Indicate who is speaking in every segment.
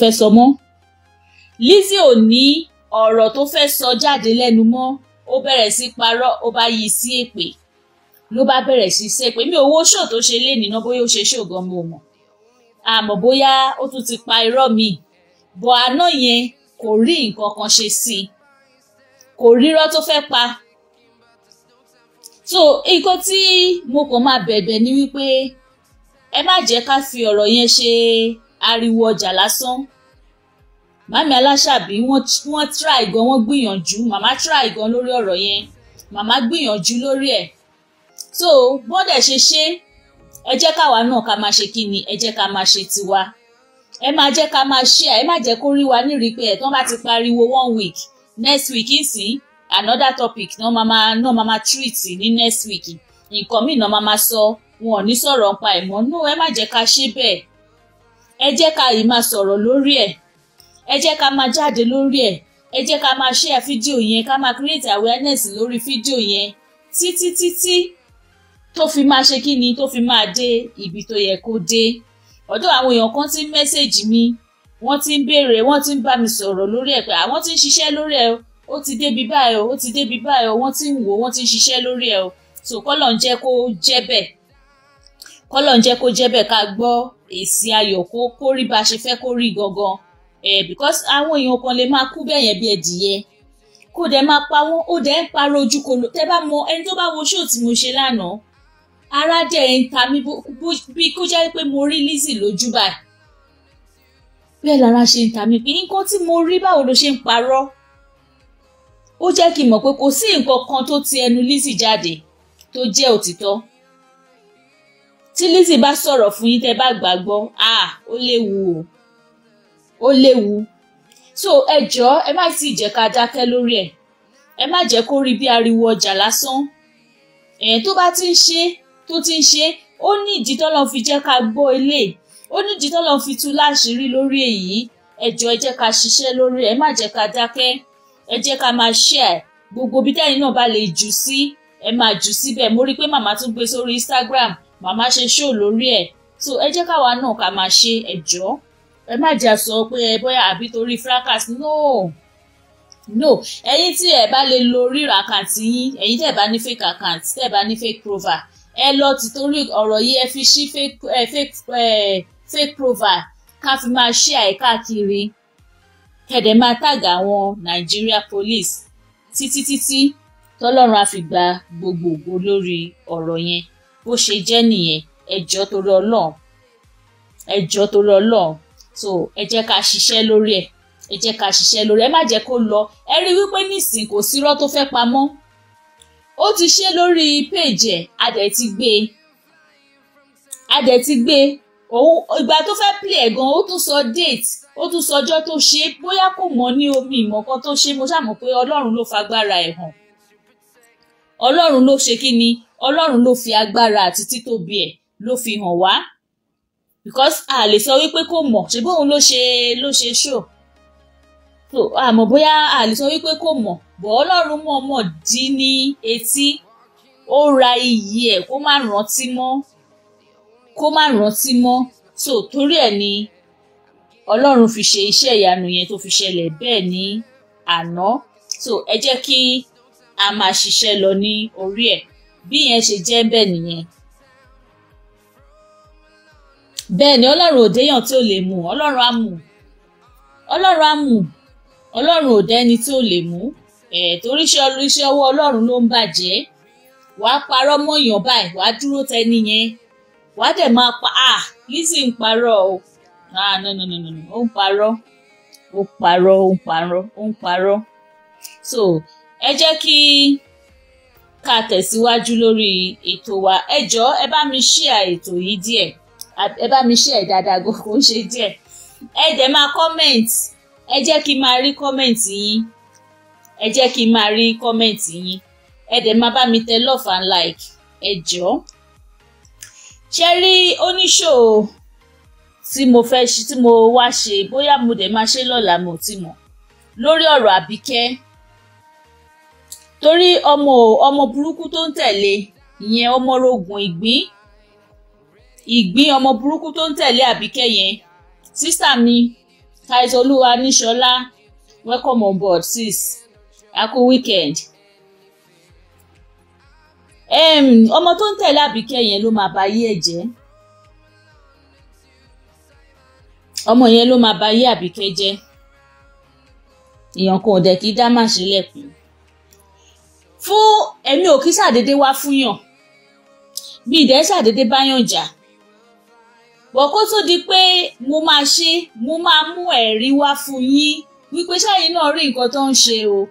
Speaker 1: fẹ́ sọ mọ́ Lizzy ò ní ọ̀rọ̀ tó fẹ́ sọ jáde lẹ́nu mọ́ ó bẹ̀rẹ̀ sí parọ́ ó bá yí sí èpè ló bá bẹ̀rẹ̀ sí ṣépè mi owó ṣò tó ṣe lé nínú bóyá ó ṣe ṣò gan mo mọ̀ àmọ́ bóyá ó tún ti pa irọ́ mi bọ̀ àná yẹn kò rí nǹkan kan ṣe sí i kò rírọ́ tó fẹ́ pa so nǹkan tí mo kàn máa bẹ̀bẹ̀ ni wípé ẹ má jẹ́ ká fi ọ̀rọ̀ yẹn ṣe ariwo ọjà lásán màmí aláṣàbí wọ́n try gan wọ́n gbìyànjú màmá try gan lórí ọ̀rọ̀ yẹn màmá gbìyànjú lórí ẹ̀ so bọ́dẹ̀ ṣe ṣe ẹ jẹ́ káwa náà ká máa ṣe kí ni ẹ jẹ́ ká máa ṣe tiwa ẹ máa jẹ́ ká máa ṣe ẹ má jẹ́ kó rí wa nírìí pé ẹ̀tàn bá ti pariwo one week next week ń another topic náà máa máa náà máa máa treat ní next week nǹkan míì náà máa máa sọ wọn ò ní sọ̀rọ̀ nípa ẹ̀ mọ́ no ẹ má jẹ́ ká ṣe bẹ́ẹ̀ ẹ jẹ́ ká yìí máa sọ̀rọ̀ lórí ẹ̀ ẹ jẹ́ ká máa jáde lórí ẹ̀ ẹ jẹ́ ká máa share fídíò yẹn ká máa create awareness lórí fídíò yẹn títí títí tó fi máa ṣe kí ni tó fi máa dé ibi tó yẹ kó dé ọ̀dọ̀ àwọn èèyàn kan ti ń mẹ́sẹ̀gì mi wọ́n ti ń béèrè wọ́n ti ń bá mi sọ̀rọ̀ lórí ẹ̀ pé àwọn ti ń ṣiṣẹ́ lórí ẹ̀ ó ti débi báyìí ó ti débi báyìí wọ́n ti ń wò wọ́n ti ń ṣiṣẹ́ lórí ẹ̀ o so kọ́lọ̀ ń jẹ́ kó jẹ́ bẹ́ẹ̀ kọ́lọ̀ ń jẹ́ kó jẹ́ bẹ́ẹ̀ ká gbọ́ èsì ayọ̀ kó kó rí bá a ṣe fẹ́ kó rí gangan eh, because àwọn èèyàn kan lè máa kú bẹ́ẹ̀ yẹn bí ẹdìyẹ kó dẹ̀ máa pa wọ́n ó dẹ̀ ń parọ́ ojú kò lò tẹ́ bá mọ ẹni tó bá wo ṣóò tí mo ṣe lánàá ara dẹ̀ ń ta mí bí kó jẹ́ pé mo rí Lizzy lójú báyìí bẹ́ẹ̀ lára ṣe ń ta mí pé nǹkan tí mo rí báwo ló ṣe ń parọ́ ó jẹ́ kí n mọ̀ pé kò sí nǹkan kan tó ti ẹnu Lizzy jáde tó jẹ́ òtítọ́ tí Lizzy bá sọ̀rọ̀ fún yín tẹ́ bá gbàgbọ́ ah ó léwu o ó léwu so ẹ jọ̀ọ́ ẹ má sì jẹ́ ká dákẹ́ lórí ẹ̀ ẹ má jẹ́ kó rí bí ariwo ọjà lásán ẹ̀ tó bá ti ń ṣe tó ti ń ṣe ó ní ìdí tọ́lọ́ fi jẹ́ ká gbọ́ ilé ó ní ìdí tọ́lọ́ fi tú láṣìírí lórí èyí ẹ jọ̀ọ́ ẹ jẹ́ ká ṣiṣẹ́ lórí ẹ má jẹ́ ká dákẹ́ ẹ jẹ́ ká máa share gbogbo bí tẹ́yìn náà bá lè jù sí ẹ máa jù síbẹ̀ mo rí i pé màmá tún gbé sórí Instagram màmá ṣe ṣó lórí ẹ̀ so ẹ jẹ́ káwa náà ká máa ṣe ẹ̀jọ́ ẹ má jà sọ pé ẹ bóyá àbí torí fracas no no ẹ̀yin tí ẹ bá lè lo rírà àkàǹtì yín ẹ̀yin tẹ́ bá ní fake account tẹ́ bá ní fake prover ẹ lọ ti torí yìí ẹ fi ṣí fake eh, fake fake profile ká fi máa ṣí àyíká kiri kẹ̀dẹ̀ máa tàgà àwọn Nigeria police títí títí tọ́lọ́run á fi gba gbogbogbò lórí ọ̀rọ̀ yẹn bó ṣe jẹ́ nìyẹn ẹjọ́ torí ọlọ́run ẹjọ́ torí ọlọ́run so ẹ jẹ́ ká ṣiṣẹ́ lórí ẹ̀ ẹ jẹ́ ká ṣiṣẹ́ lórí ẹ̀ má jẹ́ kó lọ ẹ rí wípé nísìn kò sírọ́ tó fẹ́ pamọ́ ó ti ṣe lórí péèjì ẹ̀ a ti gbé e ti gbé e. òun ìgbà tó fẹ́ play ẹ̀ gan ó tún sọ date ó tún sọ ọjọ́ tó ṣe bóyá kò mọ̀ ní omi ìmọ̀kan tó ṣe mo ṣàmọ̀ pé ọlọ́run ló fagbára ẹ̀ hàn ọlọ́run ló ṣe kí ni ọlọ́run ló fi agbára àti títóbi ẹ̀ ló fi hàn wá because a lè sọ wípé kò mọ̀ ṣe bóun ló ṣe ló ṣe ṣò so àmọ́ bóyá a lè sọ wípé kò mọ̀ bọ́ ọlọ́run mọ̀ọ́mọ̀ dín ní etí ó ra iyì ẹ̀ kó má rántí mọ́ kó má rántí mọ́ so torí ẹ̀ ni ọlọ́run fi ṣe iṣẹ́ ìyanu yẹn tó fi ṣẹlẹ̀ bẹ́ẹ̀ ní àná so ẹ jẹ́ kí a máa ṣiṣẹ́ lọ ní orí ẹ̀ bí yẹn ṣe jẹ́ bẹ́ẹ̀ nìyẹn. bẹ́ẹ̀ ni ọlọ́run ò déyàn tí ò lè mú ọlọ́run á mú ọlọ́run á mú ọlọ́run ò dẹ́ni tí ò lè mú ẹ̀ torí iṣẹ́ iṣẹ́ ọwọ́ ọlọ́run ló ń bàjẹ́ wàá parọ́ mọ́yàn báyìí wàá dúró tẹni yẹn wàá dẹ̀ máa pa á Lizzy ń parọ́ o ah no no no no ó ń parọ́ ó ń parọ́ ó ń parọ́ ó ń parọ́ so ẹ jẹ́ kí ká tẹ̀síwájú lórí ètò wa ẹ jọ ẹ bá mi ṣíà ètò yìí díẹ̀ ẹ bá mi ṣíà dáadáa gbogbo ṣe díẹ̀ ẹ dẹ̀ máa comment ẹ jẹ́ kí máa rí comment yín ẹ jẹ́ kí máa rí comment yín ẹ dẹ̀ máa bá mi tẹ love and like ẹ jọ ṣe rí oníṣòwò tí mo fẹ́ ṣe tí mo wá ṣe bóyá mo dẹ̀ máa ṣe lọ́la mo ti mọ̀ lórí ọ̀rọ̀ àbíkẹ́ torí ọmọ ọmọ burúkú tó ń tẹ̀lé ìyẹn ọmọ rogun ìgbín ìgbín ọmọ burúkú tó ń tẹ̀lé àbíkẹ́ yẹn sísà mi taitolúwa níṣọlá welcome on board sis aku weekend ọmọ tó ń tẹ̀lé àbíkẹ́ yẹn ló máa ba ayé ẹ̀ jẹ́ ọmọ yẹn ló máa ba ayé àbíkẹ́ jẹ́ èèyàn kan ò dẹ̀ kí dá màṣẹ́ lẹ́kùn fún èmi ò kí ṣàdédé wá fún yàn mi ìdẹ́ ṣàdédé bá yàn jà bọ̀ kó tó di pé mo máa ṣe mo máa mú ẹ̀rí wá fún yín wípé ṣáàyín náà rí nǹkan tó ń ṣe o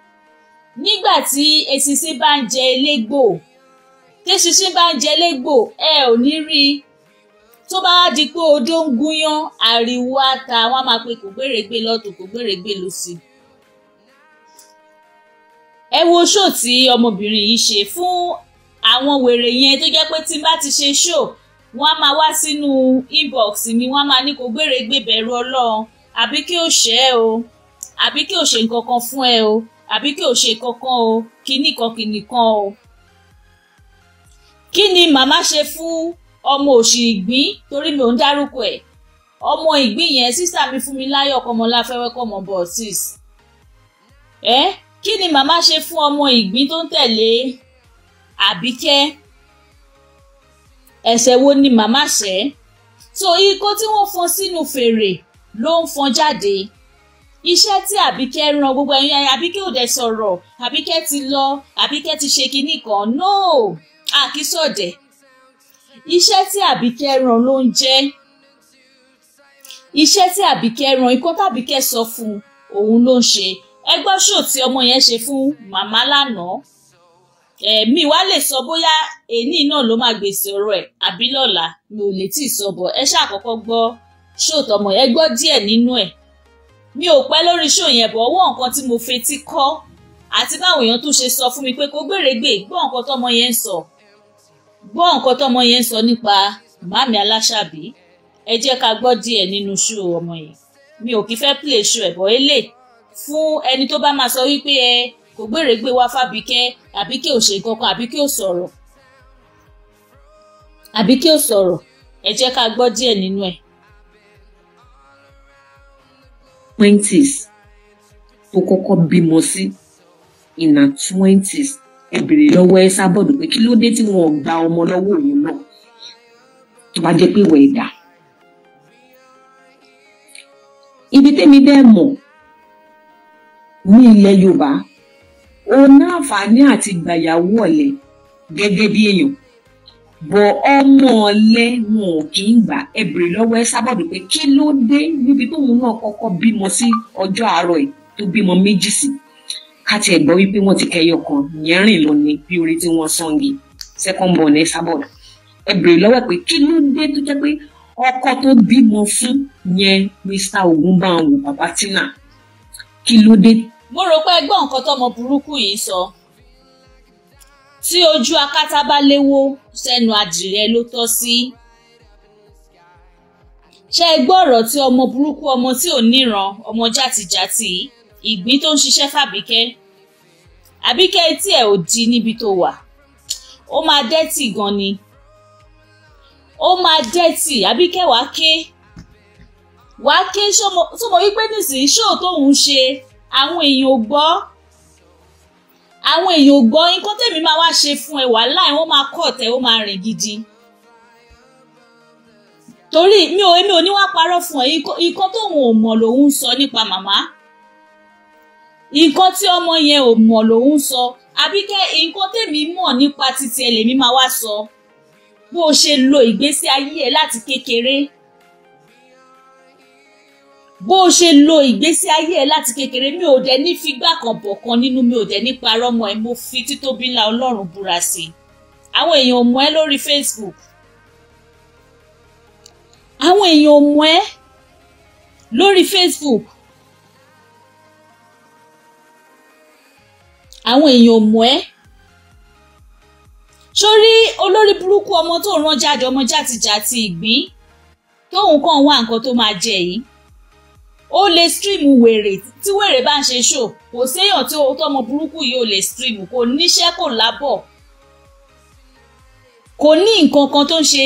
Speaker 1: nígbà tí eṣinṣin bá ń jẹ elégbò téṣinṣin bá ń jẹ elégbò ẹ ò ní rí i tó bá di pé odó ń gúnyán ariwo ata wọn máa pe kò gbèrègbè lọ́tùn kò gbèrègbè lósì ẹ wo ṣó tí ọmọbìnrin yìí ṣe fún àwọn wèrè yẹn tó jẹ́ pé tí n bá ti ṣe ṣó wọ́n á máa wá sínú inbox mi wọ́n á máa ní kó gbére gbé bẹ̀rù ọlọ́run àbí kí o ṣe ẹ o àbí kí o ṣe nǹkan kan fún ẹ o àbí kí o ṣe kankan o kíní kan kíní kan o. kí ni màmá ṣe fún ọmọ òṣì ìgbín torí mi ò ń dárúkọ ẹ̀ ọmọ ìgbín yẹn sísà mi fún mi láyọ̀ kọmọláfẹ́wẹ́ kọmọ bọ̀ọ̀sìs. ẹ́ eh? kí ni màmá ṣe fún ọmọ ìgbín tó ń tẹ̀lé àbíkẹ́ ẹ̀ṣẹ̀ wo ni màmá ṣẹ̀ so ikó tí wọ́n fọn sínú fèrè ló ń fọn jáde iṣẹ́ tí àbíkẹ́ ran gbogbo ẹ̀yin àbíkẹ́ ò dẹ̀ sọ̀rọ̀ àbíkẹ́ ti lọ àbíkẹ́ ti ṣe kinní kan no àkísọ̀dẹ̀ iṣẹ́ tí àbíkẹ́ ran ló ń jẹ́ iṣẹ́ tí àbíkẹ́ ran ikó tàbíkẹ́ sọ fún òun ló ń ṣe ẹ gbọ́ ṣó tí ọmọ yẹn ṣe fún màmá lánàá ẹ̀mí wa lè sọ bóyá èyí náà ló máa gbèsè ọ̀rọ̀ ẹ̀ àbí lọ́la mi ò lè tí ì sọ bọ̀ ẹ ṣàkọ́kọ́ gbọ́ ṣó tọmọ yẹn gbọ́ díẹ̀ nínú ẹ̀ mi ò pẹ́ lórí ṣó yẹn bọ̀ ọwọ́ nǹkan tí mo fetí kọ́ àti báwọn èèyàn tún ṣe sọ fún mi pé kó gbèrègbè gbọ́ nǹkan tọmọ yẹn ń sọ gbọ́ nǹkan tọmọ yẹn ń sọ nípa màmí aláṣàbí ẹ jẹ́ ká gbọ́ díẹ̀ nínú ṣó ọmọ yẹn mi ò kì í fẹ́ play ṣó ẹ̀bọ̀ eléyìí fún ẹni tó bá máa sọ wípé ẹ kò gbèrègbè wá fàbíkẹ́ àbíkẹ́ ò ṣe kankan àbíkẹ́ ò sọ̀rọ̀ àbíkẹ́ ò sọ̀rọ̀ ẹ jẹ́ ká gbọ́ díẹ̀ nínú ẹ̀.
Speaker 2: twenties tó kọ́kọ́ bímọ sí ìnà twenties ẹ lọ́wọ́ ẹ sábọ̀dù pé kí ló dé tí wọn gba ọmọ lọ́wọ́ òun náà tó bá jẹ́ pé ìwẹ̀ ẹ̀dá. ibi tẹ́mi bẹ́ẹ̀ mọ̀ ní ilẹ̀ yorùbá o ní àǹfààní àti gbàyàwó ọ̀lẹ gẹ́gẹ́ bí èèyàn bọ̀ ọmọ ọ̀lẹ wọn ò kì í gbà ẹ bèrè lọ́wọ́ ẹ sábọ̀dù pé kí ló dé níbi tóun náà kọ́kọ́ bímọ sí ọjọ́ àárọ̀ ẹ̀ tó bímọ méjì sí káti ẹ̀gbọ́n wípé wọ́n ti kẹyọ kan yẹn lọ ní bí orí tí wọ́n sangi second born ẹ sábọ̀dù ẹ lọ́wọ́ pé kí ló dé tó jẹ́ pé ọkọ tó bímọ fún yẹn Mr Ogunbanwo Babatina kí ló dé mo rò pé ẹgbọ́n nǹkan tọmọ burúkú yìí sọ
Speaker 1: tí ojú akátá bá léwó sẹ́nu adìrẹ ló tọ́ sí ṣé ẹ gbọ́ ọ̀rọ̀ tí ọmọ burúkú ọmọ tí ò níran ọmọ játijàti ìgbín tó ń ṣiṣẹ́ fàbíkẹ́ àbíkẹ́ etí ẹ̀ ò di níbi tó wà ó máa dẹ́tì gan ni ó máa dẹ́tì àbíkẹ́ wàá ké wàá ké sọmọ wípé nísìnyí ṣóò tóun ṣe àwọn èèyàn ò gbọ́ àwọn èèyàn ò gbọ́ nǹkan tèmi máa wá ṣe fún ẹ wàhálà ẹ wọ́n máa kọ̀ tẹ́ ó máa rìn gidi torí mi ò èmi ò ní wá parọ́ fún ẹ nǹkan tóun ò mọ̀ lòun ń sọ nípa màmá nǹkan tí ọmọ yẹn ò mọ̀ lòun ń sọ àbíkẹ́ nǹkan tèmi mọ̀ nípa títí ẹ lèmi máa wá sọ bó o ṣe lo ìgbésí ayé ẹ láti kékeré bó o ṣe lo ìgbésí ayé ẹ láti kékeré mi ò dẹ̀ ní figbá kan bọ̀ kan nínú mi ò dẹ̀ ní parọ́ mọ́ ẹ mo fi títóbi ńlá ọlọ́run búra sí i àwọn èèyàn ò mọ̀ ẹ́ lórí Facebook àwọn èèyàn ò mọ̀ ẹ́ lórí Facebook àwọn èèyàn ò mọ̀ ẹ́ sórí olórí burúkú ọmọ tó rán jáde ọmọ játijàti ìgbín tóun kàn wá nǹkan tó máa jẹ yìí ó lè stream wèrè tí wèrè bá ń ṣe show kò séèyàn tí owó tọmọ burúkú yìí ó lè stream kò níṣẹ́ kò lábọ̀ kò ní nǹkan kan tó ń ṣe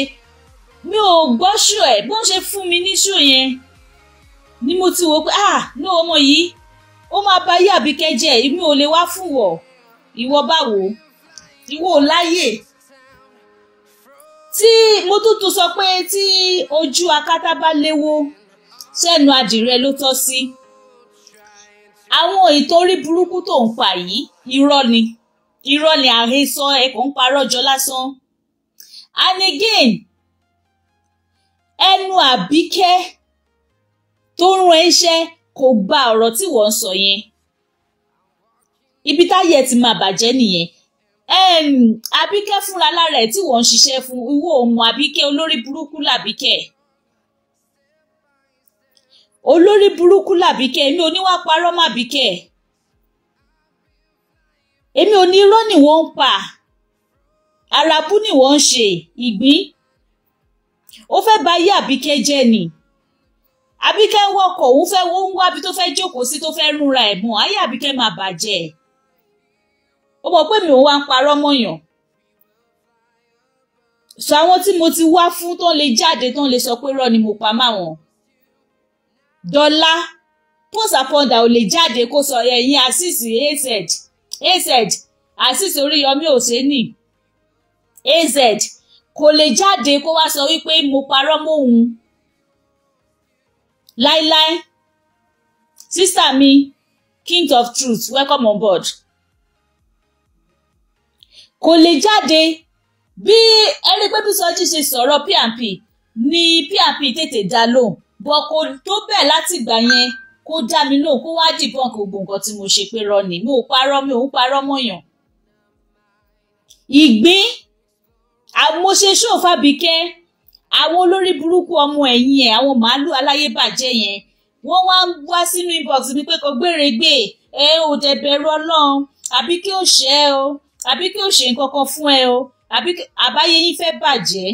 Speaker 1: mi ò gbọ́ ṣù ẹ̀ bó ń ṣe fún mi ní ṣù yẹn ni mo ti wò pé ah ní ọmọ yìí ó máa bá yí àbíkẹ́ jẹ́ mi ò lè wá fún wọ̀ ìwọ báwo ìwọ ò láyè tí mo tún tún sọ pé tí ojú akátá bá léwó sẹ́nu adìrẹ ló tọ́ sí. àwọn ètò orí burúkú tó ń pa yìí irọ́ ni irọ́ ni àhesọ ẹ kò ń parọ́ jọ lásán. and again ẹnu àbíkẹ́ tó ń ran iṣẹ́ kò gba ọ̀rọ̀ tí wọ́n ń sọ yẹn ibi táyẹ̀ ti máa bàjẹ́ nìyẹn um, abike. fúnra lára ẹ̀ tí wọ́n ń ṣiṣẹ́ fún ìwọ ọmọ àbíkẹ́ olórí burúkú làbíkẹ́ olórí burúkú làbíkẹ́ èmi ò ní wá parọ́ màbíkẹ́ èmi ò ní irọ́ ni wọ́n ń pa àràbù ni wọ́n ń ṣe ìgbín ó fẹ́ bà ayé àbíkẹ́ jẹ́ ni àbíkẹ́ wọkọ̀ òun fẹ́ wọ́n ń wá bí tó fẹ́ jókòó sí tó fẹ́ rúnra ẹ̀ mọ́ ayé àbíkẹ́ máa bàjẹ́ ó mọ̀ pé mi ò wá ń parọ́ mọ́yàn sọ àwọn tí mo ti wá fún tán lè jáde tán lè sọ pé irọ́ ni mo pa máwọn dọ́là post upon that ò lè jáde kó sọ ẹ̀yìn asis az az asis oríyọmí òsénì az kò lè jáde kó wá sọ wípé mo parọ́ mọ́hun láíláí sísá mi king of truth welcome on board kò lè jáde bí ẹni pé bí sọjí ṣe sọ̀rọ̀ pnp ni pnp tètè dá lóhùn bọ̀ kò tó bẹ́ẹ̀ láti ìgbà yẹn kó dá mi lóhùn kó wá dìbọn kò gbogbo nǹkan tí mo ṣe pé rọ ni mi ò parọ́ mi ò ń parọ́ mọ̀yàn. ìgbín àmọ́ṣe ṣòfàbíkẹ́ àwọn olórí burúkú ọmọ ẹ̀yìn ẹ̀ àwọn màálù aláyébàjẹ́ yẹn wọ́n wá ń wá sínú inbox mi pé kò gbére gbé ẹ ò dẹ̀ bẹ̀rù ọlọ́run àbí kí ó ṣe ẹ o àbí kí ó ṣe nǹkan kan fún ẹ o àbí àbáyé yín fẹ́ bàjẹ́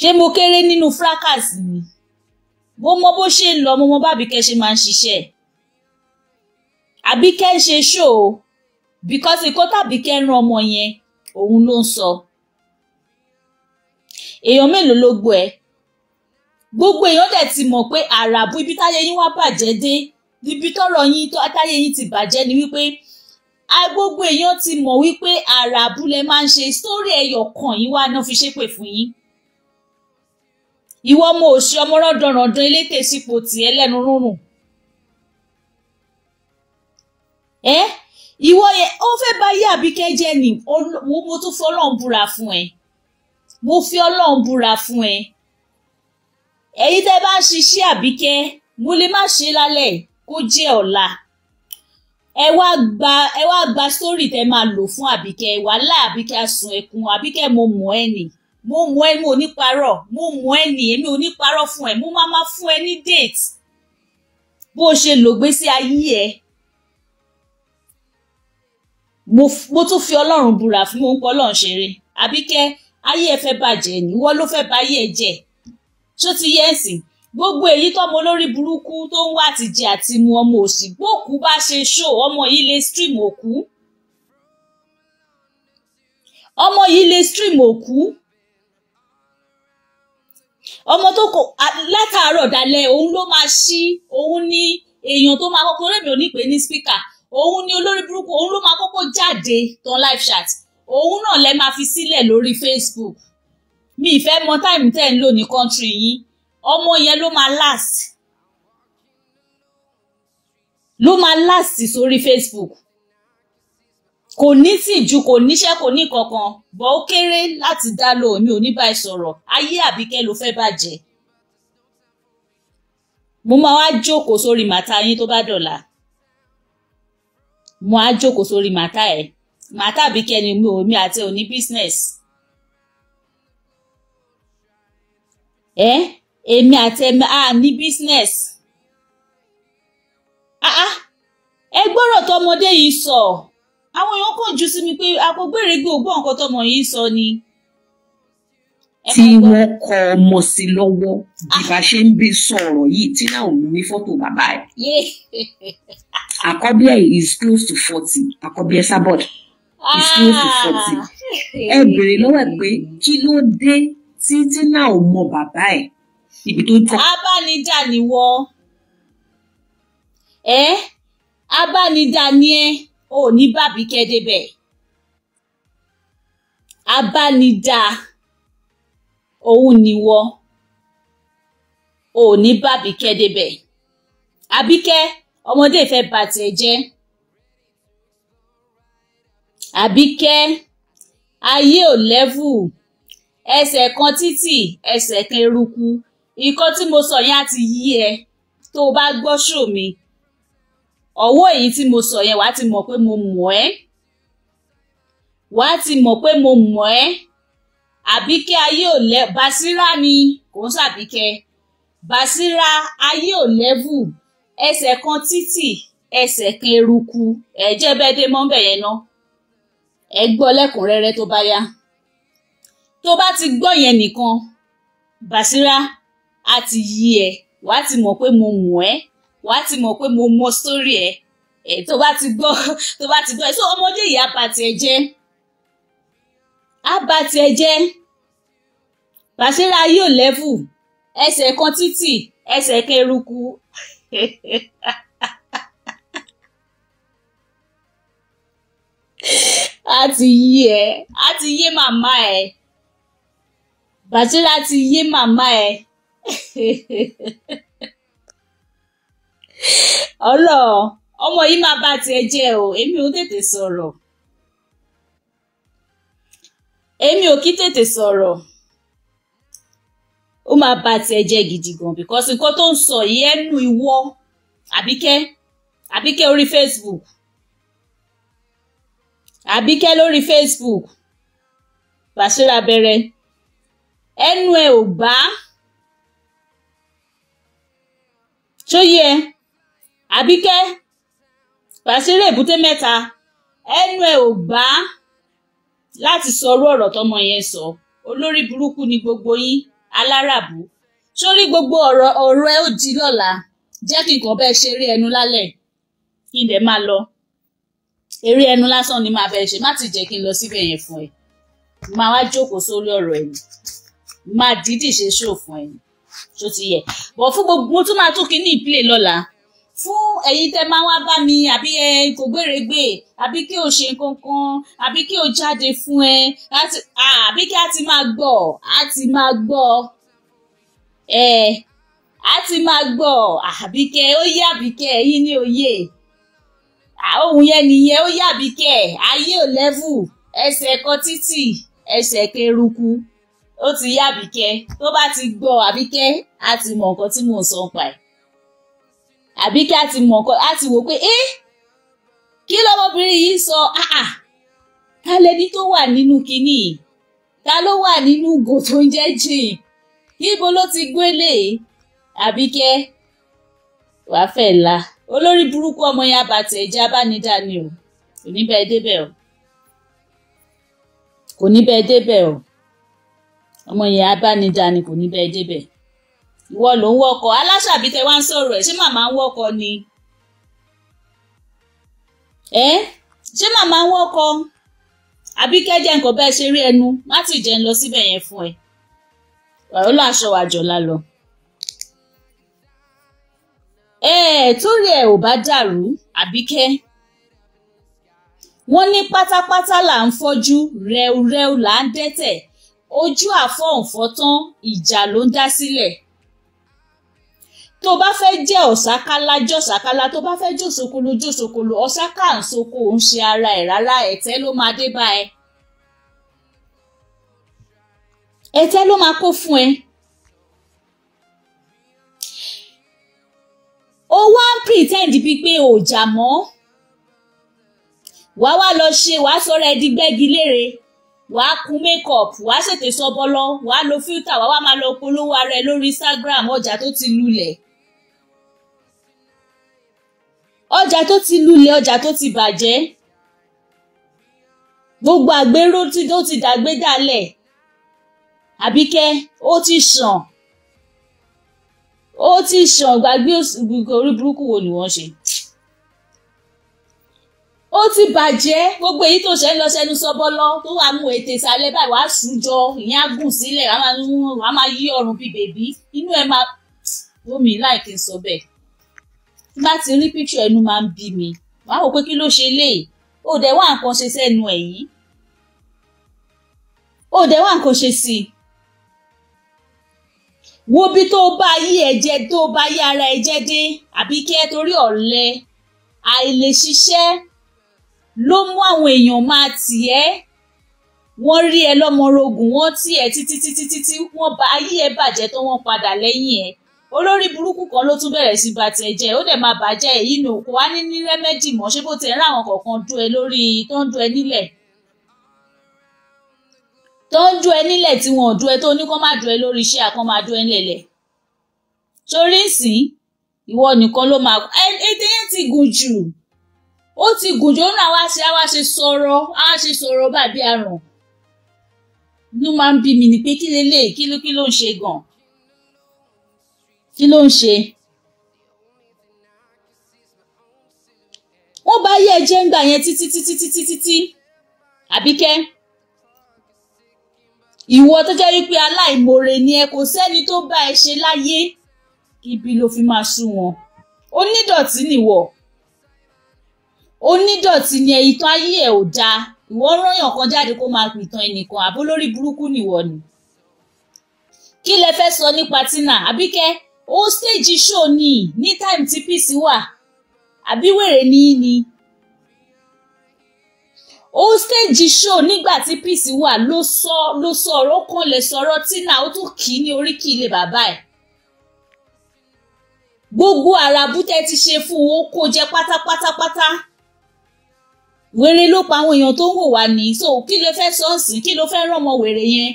Speaker 1: ṣé mo kéré nínú fracas ni mo mọ bó ṣe ń lọ mo mọ bá Àbíkẹ́ ṣe máa ń ṣiṣẹ́ Àbíkẹ́ ń ṣe ṣóò because ìkó tàbíkẹ́ ń ran ọmọ yẹn òun ló ń sọ èèyàn mélòó ló gbọ́ ẹ gbogbo èèyàn dẹ̀ ti mọ̀ pé àràbù ibi táyé yín wá bàjẹ́ dé ibi tọ́rọ̀ yín táyé yín ti bàjẹ́ ni wípé gbogbo èèyàn ti mọ̀ wípé àràbù lẹ máa ń ṣe sórí ẹyọ kan yín wá náà fi ṣépè fún yín ìwọ ọmọ òsì ọmọ rọdànrọdàn elétè sípò tìẹ lẹ́nu rúnrùn ẹ ìwọ yẹn ó fẹ́ bá yé Àbíkẹ́ jẹ́ ni mo tún fi Ọlọ́run búra fún ẹ mo fi Ọlọ́run búra fún ẹ ẹ̀yin tẹ́ bá ń ṣiṣẹ́ Àbíkẹ́ mo lè má ṣe lálẹ́ kó jẹ́ ọ̀la ẹ wá gba ẹ wá gba sórí tẹ́ máa lò fún Àbíkẹ́ wàhálà Àbíkẹ́ asun ẹkùn Àbíkẹ́ mo mọ̀ ẹ́ nìyí mo mọ ẹ mi ò mo mọ ẹ nì èmi ò fún ẹ mo máa máa fún ẹ ní date bó o ṣe lògbé sí ayé ẹ mo tún fi ọlọ́run búra fún mo ń kọ́ ọlọ́run ṣeré àbíkẹ́ ayé ẹ fẹ́ bàjẹ́ ni wọ́n ló fẹ́ ba ayé ẹ jẹ́ ṣó ti yẹ ẹ̀sìn gbogbo èyí tọmọ olórí burúkú tó ń wá àtijẹ àti mu ọmọ òsì gbòkú bá ṣe ṣó ọmọ yìí lè stream òkú ọmọ yìí lè stream òkú ọmọ tó kò látàárọ̀ dalẹ̀ òun ló máa ṣí òun ní èèyàn tó máa kọ́kọ́ rẹ́mi ò ní pè ní spíkà òun ni olórí burúkú òun ló máa kọ́kọ́ jáde tán live chat òun náà lẹ máa fi sílẹ̀ lórí Facebook mi ìfẹ́ mọ táìmù tẹ́ ń lò ní country yín ọmọ yẹn ló máa last ló máa last sórí Facebook kò ní tìjú kò níṣẹ́ kò ní kankan bọ́ ó kéré láti dá lò mí ò ní bá ẹ sọ̀rọ̀ ayé àbíkẹ́ ló fẹ́ bàjẹ́ mo máa wá jókòó sórí màtá yín tó bá dọ̀la mo á jókòó sórí màtá ẹ màtá àbíkẹ́ ni mi ò mi àti òní business ẹ èmi àti ẹ̀mí à ní business ah ah ẹ gbọ́rọ̀ tọmọdé yìí sọ. So àwọn èèyàn kò jù sí mi pé apogbére gbé ògbó nǹkan tọmọ yìí sọ ni.
Speaker 2: tí wọ́n kọ ọmọ sí lọ́wọ́ bí ah. bá ṣe ń bí sọ̀rọ̀ yìí tí náà ò ní fọ́tò bàbá ẹ̀. àkọ́bí ẹ̀ is close to forty àkọ́bí ẹ̀ sábọ̀d is close to ah. forty. ẹ béèrè lọ́wọ́ ẹ̀ pé kí ló dé tí tí náà ò mọ bàbá ẹ̀ ibi tó kọ. abánidà ni wọ́n
Speaker 1: ẹ́ abánidà ni ẹ́. Eh? ò ní bàbí kẹ́débẹ̀ abánidá òun níwọ ò ní bàbí kẹ́débẹ̀ àbíkẹ́ ọmọdé ìfẹ́ bàtẹ̀ jẹ́ àbíkẹ́ ayé ò lẹ́vù ẹsẹ̀ kan títì ẹsẹ̀ kan eruku ikọ́ tí mo sọ yẹn á ti yí ẹ tó o bá gbọ́ ṣò mi ọwọ́ èyí tí mo sọ yẹn wàá ti mọ̀ pé mo mọ̀ ẹ́ wàá ti mọ̀ pé mo mọ̀ ẹ́ àbíkẹ́ ayé ò lẹ́ basira ni kò ń sàbíkẹ́ basira ayé ò lẹ́vù ẹsẹ̀ kan títì ẹsẹ̀ kan eruku ẹ̀jẹ̀ bẹ́ẹ̀ dé mọ́ńbẹ̀ yẹn ná ẹ gbọ́ lẹ́kùnrẹ́rẹ́ tó bá yá tó bá ti gbọ́ yẹn nìkan basira a ti yí ẹ wàá ti mọ̀ pé mo mọ̀ ẹ́ wà á ti mọ̀ pé mo mọ sórí ẹ̀ ẹ̀ tó bá ti gbọ́ tó bá ti gbọ́ ẹ̀ so ọmọdé yìí abàtì ẹ̀ jẹ́ abàtì ẹ̀ jẹ́ bàṣẹ́ra yóò lẹ́fù ẹsẹ̀ kan títì ẹsẹ̀ kẹrùkù a ti yé ẹ a ti yé màmá ẹ bàṣẹ́ra ti yé màmá ẹ. ọ̀rọ̀ ọmọ yìí máa bá tiẹ̀ jẹ́ o èmi ò tètè sọ̀rọ̀ èmi ò kí tètè sọ̀rọ̀ ó máa bá tiẹ̀ jẹ́ gidi gan because nǹkan tó ń sọ yìí ẹnu ìwọ àbíkẹ́ àbíkẹ́ orí Facebook àbíkẹ́ lórí Facebook bàṣẹ́ra bẹ̀rẹ̀ ẹnu ẹ ò bá ṣó yẹ àbíkẹ́ bàṣírí èbúté mẹ́ta ẹnu ẹ ò bá láti sọrú ọ̀rọ̀ tọmọ yẹn sọ olórí burúkú ni gbogbo yín aláràbù sórí gbogbo ọ̀rọ̀ ọ̀rọ̀ ẹ ó di lọ́la jẹ́ kí nǹkan bẹ́ẹ̀ ṣe rí ẹnu lálẹ́ kí n dẹ̀ máa lọ eré ẹnu lásán ni màá fẹ́ ṣe má ti jẹ́ kí n lọ síbẹ̀ yẹn fún ẹ máa wá jókòó sórí ọ̀rọ̀ ẹ̀ máa dídì ṣe ṣòfò ẹ̀ tó ti yẹ bọ̀ fún gbogbo mo tún máa tún kí ní ìpìlẹ̀ lọ́la fún ẹ̀yin tẹ́ máa wá bá mi àbí ẹ kò gbèrègbè àbí kí o ṣe nǹkan kan àbí kí o jáde fún ẹ àbí kí a ti máa gbọ́ a ti máa gbọ́ ẹ a ti máa gbọ́ àbíkẹ́ ó yé àbíkẹ́ yín ní òye ohun yẹn nìyẹn ó yé àbíkẹ́ ayé ò lẹ́vù ẹsẹ̀ kan títì ẹsẹ̀ keruku ó ti yé àbíkẹ́ tó bá ti gbọ́ àbíkẹ́ á ti mọ̀ nǹkan tí mò sọ pa ẹ̀ àbí kí a ti mọ̀ ọ̀kan a ti wò pé ẹ́ eh, kí lọ́mọbìnrin yìí sọ àà ta lẹni tó wà nínú kinní ta ló wà nínú gò tó ń jẹ́ jìn ibo ló ti gbélé e? àbí kẹ́ wàá fẹ́ la olórí burúkú ọmọ yẹn abàtì ẹ̀jẹ̀ abánidá ni o kò ní bẹ́ẹ̀ débẹ̀ o kò ní bẹ́ẹ̀ débẹ̀ o ọmọ yẹn abánidá ni kò ní bẹ́ẹ̀ débẹ̀ ìwọ ló ń wọkọ̀ aláṣàbí tẹ wá ń sọ̀rọ̀ ẹ̀ ṣé màmá ń wọkọ̀ ni ẹ ṣé màmá ń wọkọ̀ àbí kẹ́jẹ́ nǹkan bẹ́ẹ̀ ṣe rí ẹnu má ti jẹ́ ń lọ síbẹ̀ yẹn fún ẹ ọ̀rọ̀ lọ aṣọ àjọ la lọ. ẹ ẹ torí ẹ ò bá dàrú àbíkẹ́ wọ́n ní pátápátá là ń fọ́jú rẹ́urẹ́u là ń dẹ́tẹ̀ ojú àfọ̀ǹfọ́ tán ìjà ló ń dá sílẹ̀. Si tó bá fẹ́ jẹ́ ọ̀sákálá jẹ́ ọ̀sákálá tó bá fẹ́ jòsókolo jòsókolo ọ̀sáká ń soko ń ṣe ara ẹ̀ rárá ẹ̀tẹ́ ló máa dé bá ẹ. ẹ̀tẹ́ ló máa kó fún ẹ. ó wá ń pretend bíi pé ò jà mọ́ wàá wá lọ ṣe wàá sọ̀rọ̀ ẹ di gbẹ́gi lére wàá kun makeup wàá ṣètè sọ́bọ́lọ́ wàá lo filter wàá wá máa lọ polówó ara ẹ lórí Instagram ọjà tó ti lulẹ̀ ọjà tó ti lulẹ̀ ọjà tó ti bàjẹ́ gbogbo àgbérò tí ó ti dàgbé dálẹ̀ àbíkẹ́ ó ti sàn ó ti sàn gbàgbé orí burúkú wo ni wọ́n ṣe ó ti bàjẹ́ gbogbo èyí tó ṣe ń lọ sẹ́nu sọ́bọ́lọ́ tó wàá mú ètè ìsàlẹ̀ báyìí wàá sùn jọ ìyẹn á gùn sílẹ̀ wàá máa yí ọrùn bíi bèbí inú ẹ̀ máa lómi láì kí n sọ bẹ́ẹ̀ láti rí píkṣọ ẹnu máa ń bí mi wàá wò pé kí ló ṣe léyìí ó dẹ̀ wá nǹkan ṣe sẹ́nu ẹ̀ yìí ó dẹ̀ wá nǹkan ṣe sí i wo bí tó bá yí ẹ̀jẹ̀ tó bá yí ara ẹ̀jẹ̀ dé àbí kí ẹ torí ọ̀lẹ àìlèṣiṣẹ́ ló mú àwọn èèyàn máa tì ẹ́ wọ́n rí ẹ lọ́mọ rogùn wọ́n tì ẹ́ títí títí títí wọ́n bá ayé ẹ bàjẹ́ tó wọ́n padà lẹ́yìn ẹ olórí burúkú kan ló tún bẹ̀rẹ̀ sí bàtẹ̀ jẹ́ ó dẹ̀ máa bàjẹ́ èyí nù kó wá ní ní rẹ́mẹ́dì mọ́ ṣé bó tẹ̀ ń ráwọn kọ̀ọ̀kan dú ẹ lórí tó ń dú ẹ nílẹ̀ tó ń dú ẹ nílẹ̀ tí wọn ò dú ẹ tó ní kó má dú ẹ lórí iṣẹ́ àkàn máa dú ẹ nílẹ̀ torí sìn ìwọ nìkan ló máa ètè yẹn ti gùn jù ó ti gùn jù ó náà wá ṣe wá ṣe sọ̀rọ̀ á ṣe sọ̀rọ̀ bàbí àrùn inú máa ń bí mi ní pé kí lélẹ̀ kí ló kí ló ń ṣe gan-an kí ló ń ṣe. wọ́n bá yẹ ẹjẹ́ ń gbà yẹn títí títí títí títí àbíkẹ́ ìwọ tó jẹ́ wípé aláìmoore ni ẹ kò sẹ́ni tó bá ẹ ṣe láyé ibi ló fi máa sú wọn onídọ̀tí nìwọ onídọ̀tí ni ìtàn ayé ẹ̀ ò dáa ìwọ rányàn kan jáde kó máa pìtàn ẹnìkan àbó burúkú nìwọ ni kí lẹ fẹ́ sọ nípa Tina Àbíkẹ́ ó stage show ni ní time tí Peace wà àbí wèrè ní í ni ó stage show nígbà tí Peace wà ló sọ ló sọ ọ̀rọ̀ ó kàn lè sọ̀rọ̀ Tina ó tún kì í ní oríkì ilé bàbá ẹ̀ gbogbo àràbùtẹ́ ti ṣe fún owó kó jẹ pátápátápátá wèrè ló pa àwọn èèyàn tó ń wò wá ní so kí ló fẹ́ sọ ọ̀sìn kí ló fẹ́ rán ọmọ wèrè yẹn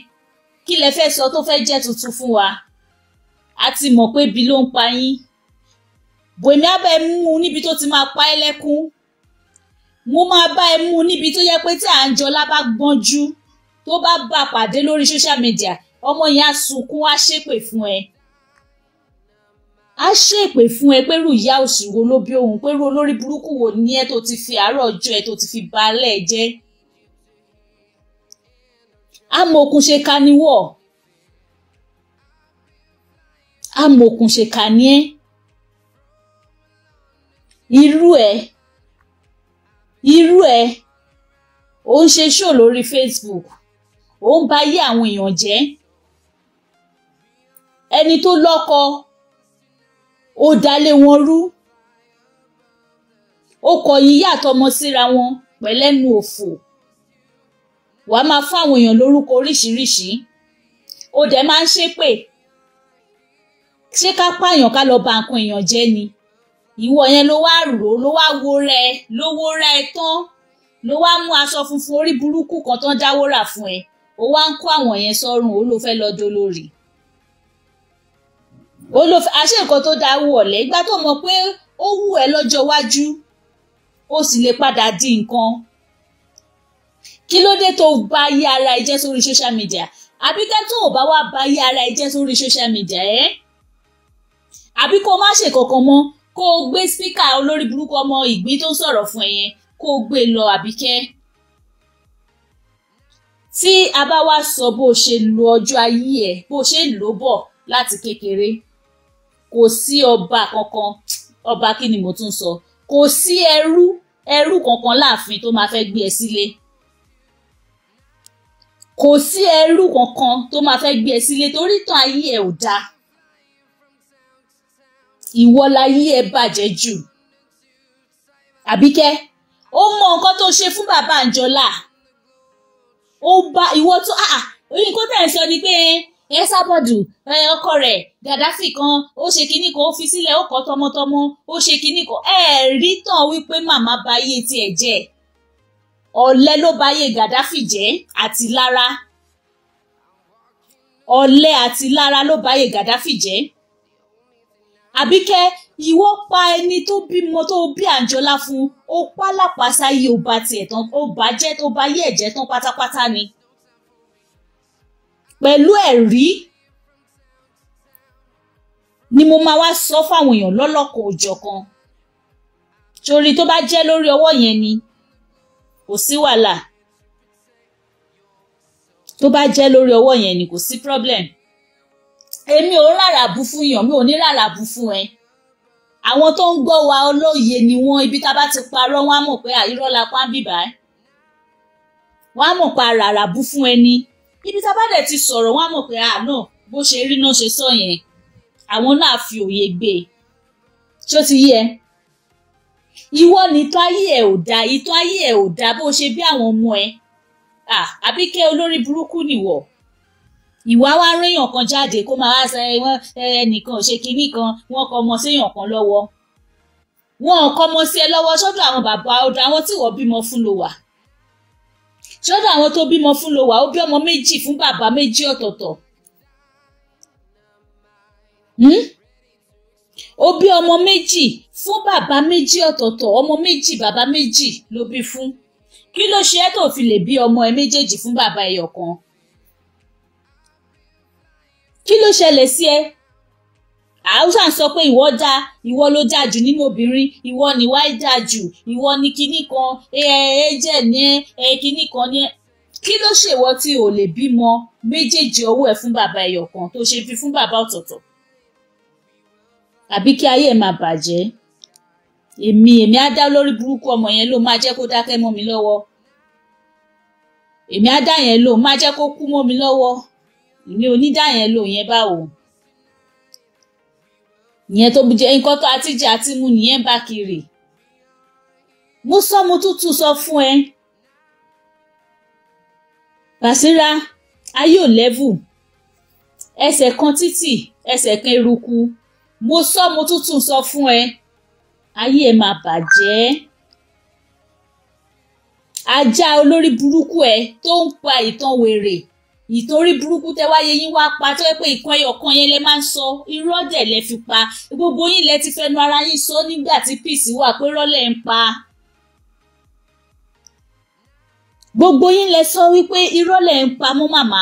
Speaker 1: kí lẹ fẹ́ sọ tó fẹ́ jẹ́ tuntun fún wa a ti mọ̀ pé ibi ló ń pa yín bòmí á bá ẹ mú un níbi tó ti máa pa ẹ́ lẹ́kún mo máa bá ẹ mú un níbi tó yẹ pé tí à ń jọlá bá gbọ́njú tó bá bá pàdé lórí social media ọmọ yẹn á sunkún á ṣépè fún ẹ á ṣèpè fún ẹ pẹ̀lú ìyá òsì wo ló bí òun pẹ̀lú olórí burúkú wo ni ẹ tó ti fi àárọ̀ ọjọ́ ẹ tó ti fi balẹ̀ jẹ́ amòkùnṣe kaniwọ̀ amòkùnṣèkà ni ẹ́ irú ẹ irú ẹ ó ń ṣe ṣó lórí Facebook ó ń bá yé àwọn èèyàn jẹ́ ẹni tó lọ́kọ ó dalé wọn rú ó kọ yíyá àtọmọ síra wọn pẹ̀lẹ́nu òfò wàá máa fún àwọn èèyàn lórúkọ oríṣiríṣi ó dẹ̀ máa ń ṣépè ṣé ká pààyàn ká lọ ba nǹkan èèyàn jẹ ni ìwọ yẹn ló wá rò ló wá wo rẹ ló wo rẹ tán ló wá mú aṣọ funfun orí burúkú kan tán dáwó rà fún ẹ ó wá ń kó àwọn yẹn sọ́rùn ó ló fẹ́ lọ dolórí ó ló fẹ́ àṣé nǹkan tó dáa wù ọ̀lẹ́ ìgbà tó mọ̀ pé ó wù ẹ́ lọ́jọ́ iwájú ó sì lè padà di nǹkan kí ló dé tó bà ayé ara ẹ jẹ́ sórí social media àbíkẹ́ tó ò bá wá bà ayé ara ẹ jẹ́ sórí social media ẹ́ eh? àbí kó má ṣe kankan mọ́ kó o gbé spíkà olórí burúkú ọmọ ìgbín tó ń sọ̀rọ̀ fún ẹ yẹn kó o gbé lọ Àbíkẹ́. tí a bá wá sọ bó o ṣe lo ọjọ́ ayé ẹ bó o ṣe lò bọ̀ láti kékeré kò sí ọba kankan ọba kí ni mo tún sọ kò sí ẹrú ẹrú kankan láàfin tó máa fẹ́ gbé ẹ sílé kò sí ẹrú kankan tó máa fẹ́ gbé ẹ sílé torí tàn ayé ẹ ò dáa ìwọ láyé ẹ bàjẹ́ jù àbíkẹ́ ó mọ nǹkan tó ṣe fún bàbá àǹjọ́là ó bá ìwọ tó àà oyin kó tẹ̀ ń sọ ni pé ẹ sábọ̀dù ẹ ọkọ rẹ̀ gàdáfì kan ó ṣe kinní kan ó fi sílẹ̀ ó kọ́ tọmọtọmọ ó ṣe kinní kan ẹ rí tàn wípé màmá ba ayé tiẹ̀ jẹ́ ọ̀lẹ ló ba ayé gàdáfì jẹ́ àti lára ọ̀lẹ àti lára ló ba ayé gàdáfì jẹ́ àbíkẹ́ ìwọ pa ẹni tó bímọ tó bí àǹjọ́lá fún ó pa lápasá yìí ó ba tiẹ̀ tán ó bàjẹ́ tó bá yé ẹ̀jẹ̀ tán pátápátá ni pẹ̀lú ẹ̀rí ni mo máa wá sọ fáwọn èèyàn lọ́lọ́kan òjọ̀kan torí tó bá jẹ́ lórí ọwọ́ yẹn ni kò sí wàhálà tó bá jẹ́ lórí ọwọ́ yẹn ni kò sí problem èmi ò ráràbù fún yàn mi ò ní ráràbù fún ẹ àwọn tó ń gbọ́ wa olóye ni wọ́n ibi tá a bá ti parọ́ wọ́n á mọ̀ pé àìrọ́ la pa ń bìbá ẹ́ wọ́n á mọ̀ pa ráràbù fún ẹni ibi tá a bá dẹ̀ ti sọ̀rọ̀ wọ́n á mọ̀ pé àná bó ṣe rí náà ṣe sọ yẹn àwọn náà fi òye gbé e ṣó ti yẹ ìwọ ni tó ayé ẹ ò dá ìtọ́ ayé ẹ ò dá bó ṣe bí àwọn ọmọ ẹ àbíkẹ́ olórí burúkú nìwọ ìwà wa réyàn kan jáde kó máa ṣe wọn ẹnìkan ṣe kinní kan wọn kọ ọmọ séyàn kan lọ́wọ́ wọn ò kọ ọmọ sí ẹ lọ́wọ́ sọ́dọ̀ àwọn bàbá ọ̀dọ̀ àwọn tí wọ́n bímọ fún ló wà sọ́dọ̀ àwọn tó bímọ fún ló wà ó bí ọmọ méjì fún bàbá méjì ọ̀tọ̀ọ̀tọ̀ hmm? ó bí ọmọ méjì fún bàbá méjì ọ̀tọ̀ọ̀tọ̀ ọmọ méjì bàbá méjì ló bí fún kí ló ṣe é tó fi lè bí ọmọ ẹ méjèèjì fún bàbá ẹyọ kan kí ló ṣẹlẹ̀ sí ẹ hausa ń sọ pé ìwọ da ìwọ ló dáa jù nínú obìnrin ìwọ ni wáá dáa jù ìwọ ni kinní kan ẹ ẹ jẹ ní ẹ kinní kan ní ẹ kí ló ṣèwọ tí ò lè bímọ méjèèjì owó ẹ fún bàbá ẹyọ kan tó ṣe fi fún bàbá ọ̀tọ̀ọ̀tọ̀ àbí kí ayé máa bàjẹ́ èmi èmi á dá lórí burúkú ọmọ yẹn ló máa jẹ́ kó dákẹ́ mọ́ mi lọ́wọ́ èmi á dá yẹn ló máa jẹ́ kó kú mọ́ mi lọ́wọ́ èmi ò ní dá yẹn lò yẹn báwo ìyẹn tó jẹ nǹkan tó àti jẹ àti mu nìyẹn bá kiri mo sọ mo tútù sọ fún ẹ Bàṣírà ayé ò lẹ́vù ẹsẹ̀ kan títì ẹsẹ̀ kan eruku mo sọ mo tútù sọ fún ẹ ayé ẹ máa bàjẹ́ ajá olórí burúkú ẹ tó ń pa ìtàn wèrè ìtorí burúkú tẹ wáyé yín wá pa tó yẹ pé ìkan ọ̀kan yẹn lẹ máa ń sọ irọ́ dẹ̀ lẹ fi pa gbogbo yín lẹ ti fẹnu ara yín sọ nígbà tí peace wà pé rọ́lẹ̀ ń pa. gbogbo yín lẹ sọ wípé irọ́ lẹ ń pa mọ́ màmá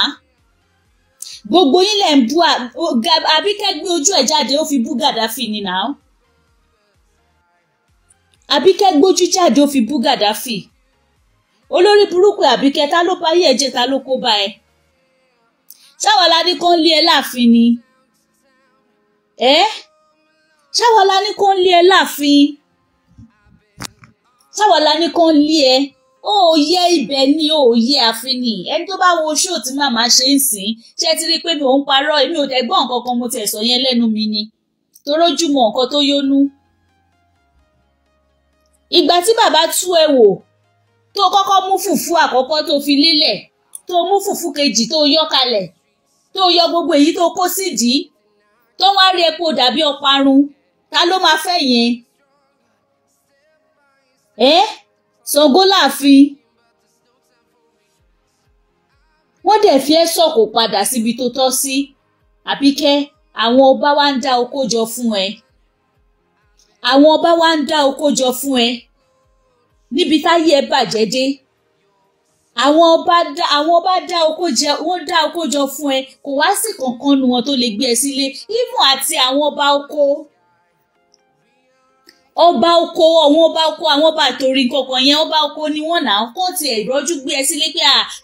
Speaker 1: gbogbo yín lẹ ń bú Àbíkẹ́ ojú ẹ̀ jáde ó fi bú Gàdáfì ni nàá Àbíkẹ́ gbójú jáde ó fi bú Gàdáfì olórí burúkú Àbíkẹ́ ló bá yẹ̀ jẹ́ ló kó bá ẹ ṣáwa la ní kó ń lé ẹ láàfin ni ẹ ṣáwa la ní kó ń lé ẹ láàfin ṣáwa la ní kó ń lé ẹ ó yẹ ibẹ̀ ni ó yẹ àfin ni ẹni tó bá wo ṣóò tí màmá ṣe ń sìn ṣe ti rí i pé mi ò ń parọ́ èmi ò tẹ́gbọ́n nǹkan kan mo tẹ̀ sọ yẹn lẹ́nu mi ni torójúmọ́ nǹkan tó yónú ìgbà tí bàbá tú ẹ wò tó kọ́kọ́ mú fùfú àkọ́kọ́ tó fi lélẹ̀ tó mú fùfú kejì tó yọ kalẹ̀ tó yọ gbogbo èyí tó kó sídìí tó wá rí epo dàbí ọparun ta ló máa fẹ́ yẹn ẹ Ṣàngó láàfin wọ́n dẹ̀ fi ẹ́ sọ̀kò padà síbi tó tọ́ sí àbíkẹ́ àwọn ọba wa ń dá okó jọ fún ẹ àwọn ọba wa ń dá okó jọ fún ẹ níbi táyé ẹ bàjẹ́ dé àwọn ọba dá àwọn ọba dá oko jẹ wọn dá oko jọ fún ẹ kò wá sí kankan nu wọn tó lè gbé ẹ sílé ìmọ̀ àti àwọn ọba oko ọba oko àwọn ọba oko àwọn ọba àtòrí kankan yẹn ọba oko ni wọn náà kàn ti ẹ̀rọ́jú gbé ẹ sílé pé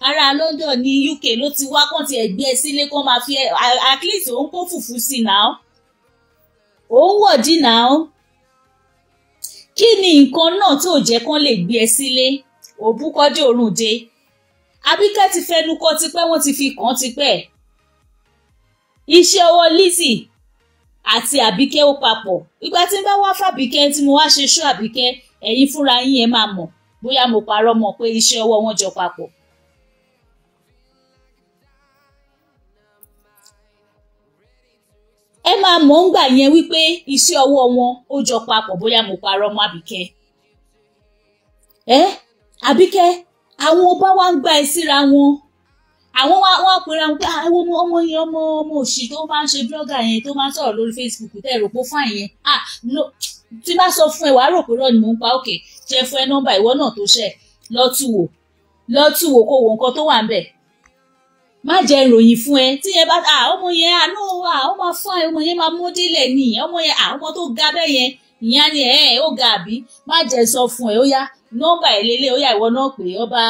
Speaker 1: ará London ní UK ló ti wá kàn ti ẹ̀ gbé ẹ sílé kàn máa fi ẹ at least òun kó fùfú sí i náà òun wọ̀ dí náà kí ni nǹkan náà tó jẹ́ kán lè gbé ẹ sílé òbúkọ́dé òrùn dé Àbíkẹ́ ti fẹnu kò tipẹ́ wọ́n ti fi kàn tipẹ́ iṣẹ́ ọwọ́ Lizzy àti Àbíkẹ́ ó papọ̀ ìgbà tí n bá wá fàbíkẹ́ tí mo wá ṣe ṣó Àbíkẹ́ ẹ̀yin fúnra yín ẹ máa mọ̀ bóyá mo parọ́ mọ́ pé iṣẹ́ ọwọ́ wọn jọ papọ̀. ẹ máa mọ̀ ń gbà yẹn wípé iṣẹ́ ọwọ́ wọn ó jọ papọ̀ bóyá mo parọ́ mọ́ Àbíkẹ́. ẹ Àbíkẹ́ àwọn ọba wa ń gba ẹ síra wọn àwọn wa wọn pera wọn pé àwọn ah, ọmọ ọmọ yẹn ọmọ ọmọ òṣì tó máa ń ṣe blọga yẹn tó máa ń sọ̀rọ̀ lórí Facebook tẹ rò pé fáìn yẹn ah no tí bá sọ fún ẹ wàá rò pé rọ ni mò ń pa òkè jẹ fún ẹ nọ́mbà ìwọ náà tó ṣẹ lọtù wò lọtù wò nǹkan tó wà ń bẹ má jẹ ìròyìn fún ẹ tí yẹn bá ta ah, ọmọ yẹn àánú wa ọmọ fún ẹ ọmọ yẹn máa mú délẹ̀ ni ọmọ yẹn àwọn ah, tó ga bẹ yẹn ìyá ni ẹ ó ga àbí má jẹ sọ fún ẹ ó yá nọ́mbà ẹ̀ lélẹ̀ ó yá ìwọ náà pé ọba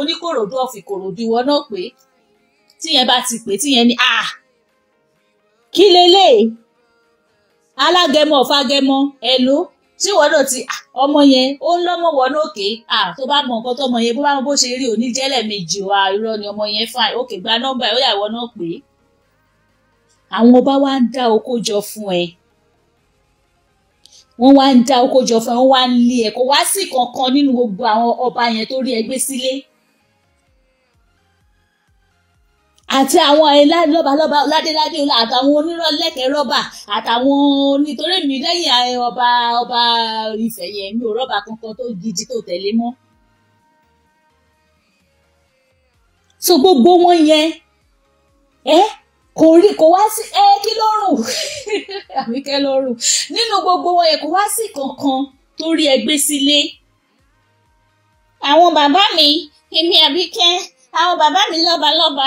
Speaker 1: oníkòròdú ọ̀fì kòròdú ìwọ náà pé tíyẹn bá ti pè tíyẹn ni ah kí lélẹ̀ alágẹmọ ọ̀fàgẹmọ ẹ ló tí ìwọ náà ti ah! ọmọ yẹn ó ń lọ́mọ wọ náà òkè ah, tó bá mọ nǹkan tọmọ yẹn bó bá mọ bó ṣe rí òní jẹ́lẹ̀ méjì wa ah, irọ́ ni ọmọ yẹn fà òkè gba nọ́mbà ẹ̀ ó yá ìwọ náà pé àwọn ọba wa ń dá oko jọ fún ẹ wọ́n wá ń dá oko jọ fún ẹ wọ́n wá ń lé ẹ kó wá sí kankan nínú gbogbo àwọn ọba yẹn tó rí ẹ gbé sílé. àti àwọn ẹlá lọ́balọ́ba ládéládé àtàwọn onírọ̀lẹ́kẹ̀ rọ́bà àtàwọn nítorí mi lẹ́yìn ọba ọba Ifẹ̀ yẹn mi ò rọ́bà kankan tó gidi tó tẹ̀lé mọ́. so gbogbo wọn yẹn ẹ. Eh? kò rí kò wá sí ẹ kí lọ́rùn àbíkẹ́ lọ́rùn nínú gbogbo wọn yẹn kò wá sí kankan tó rí ẹgbẹ́ sílé. àwọn bàbá mi èmi àbíkẹ́ àwọn bàbá mi lọ́balọ́ba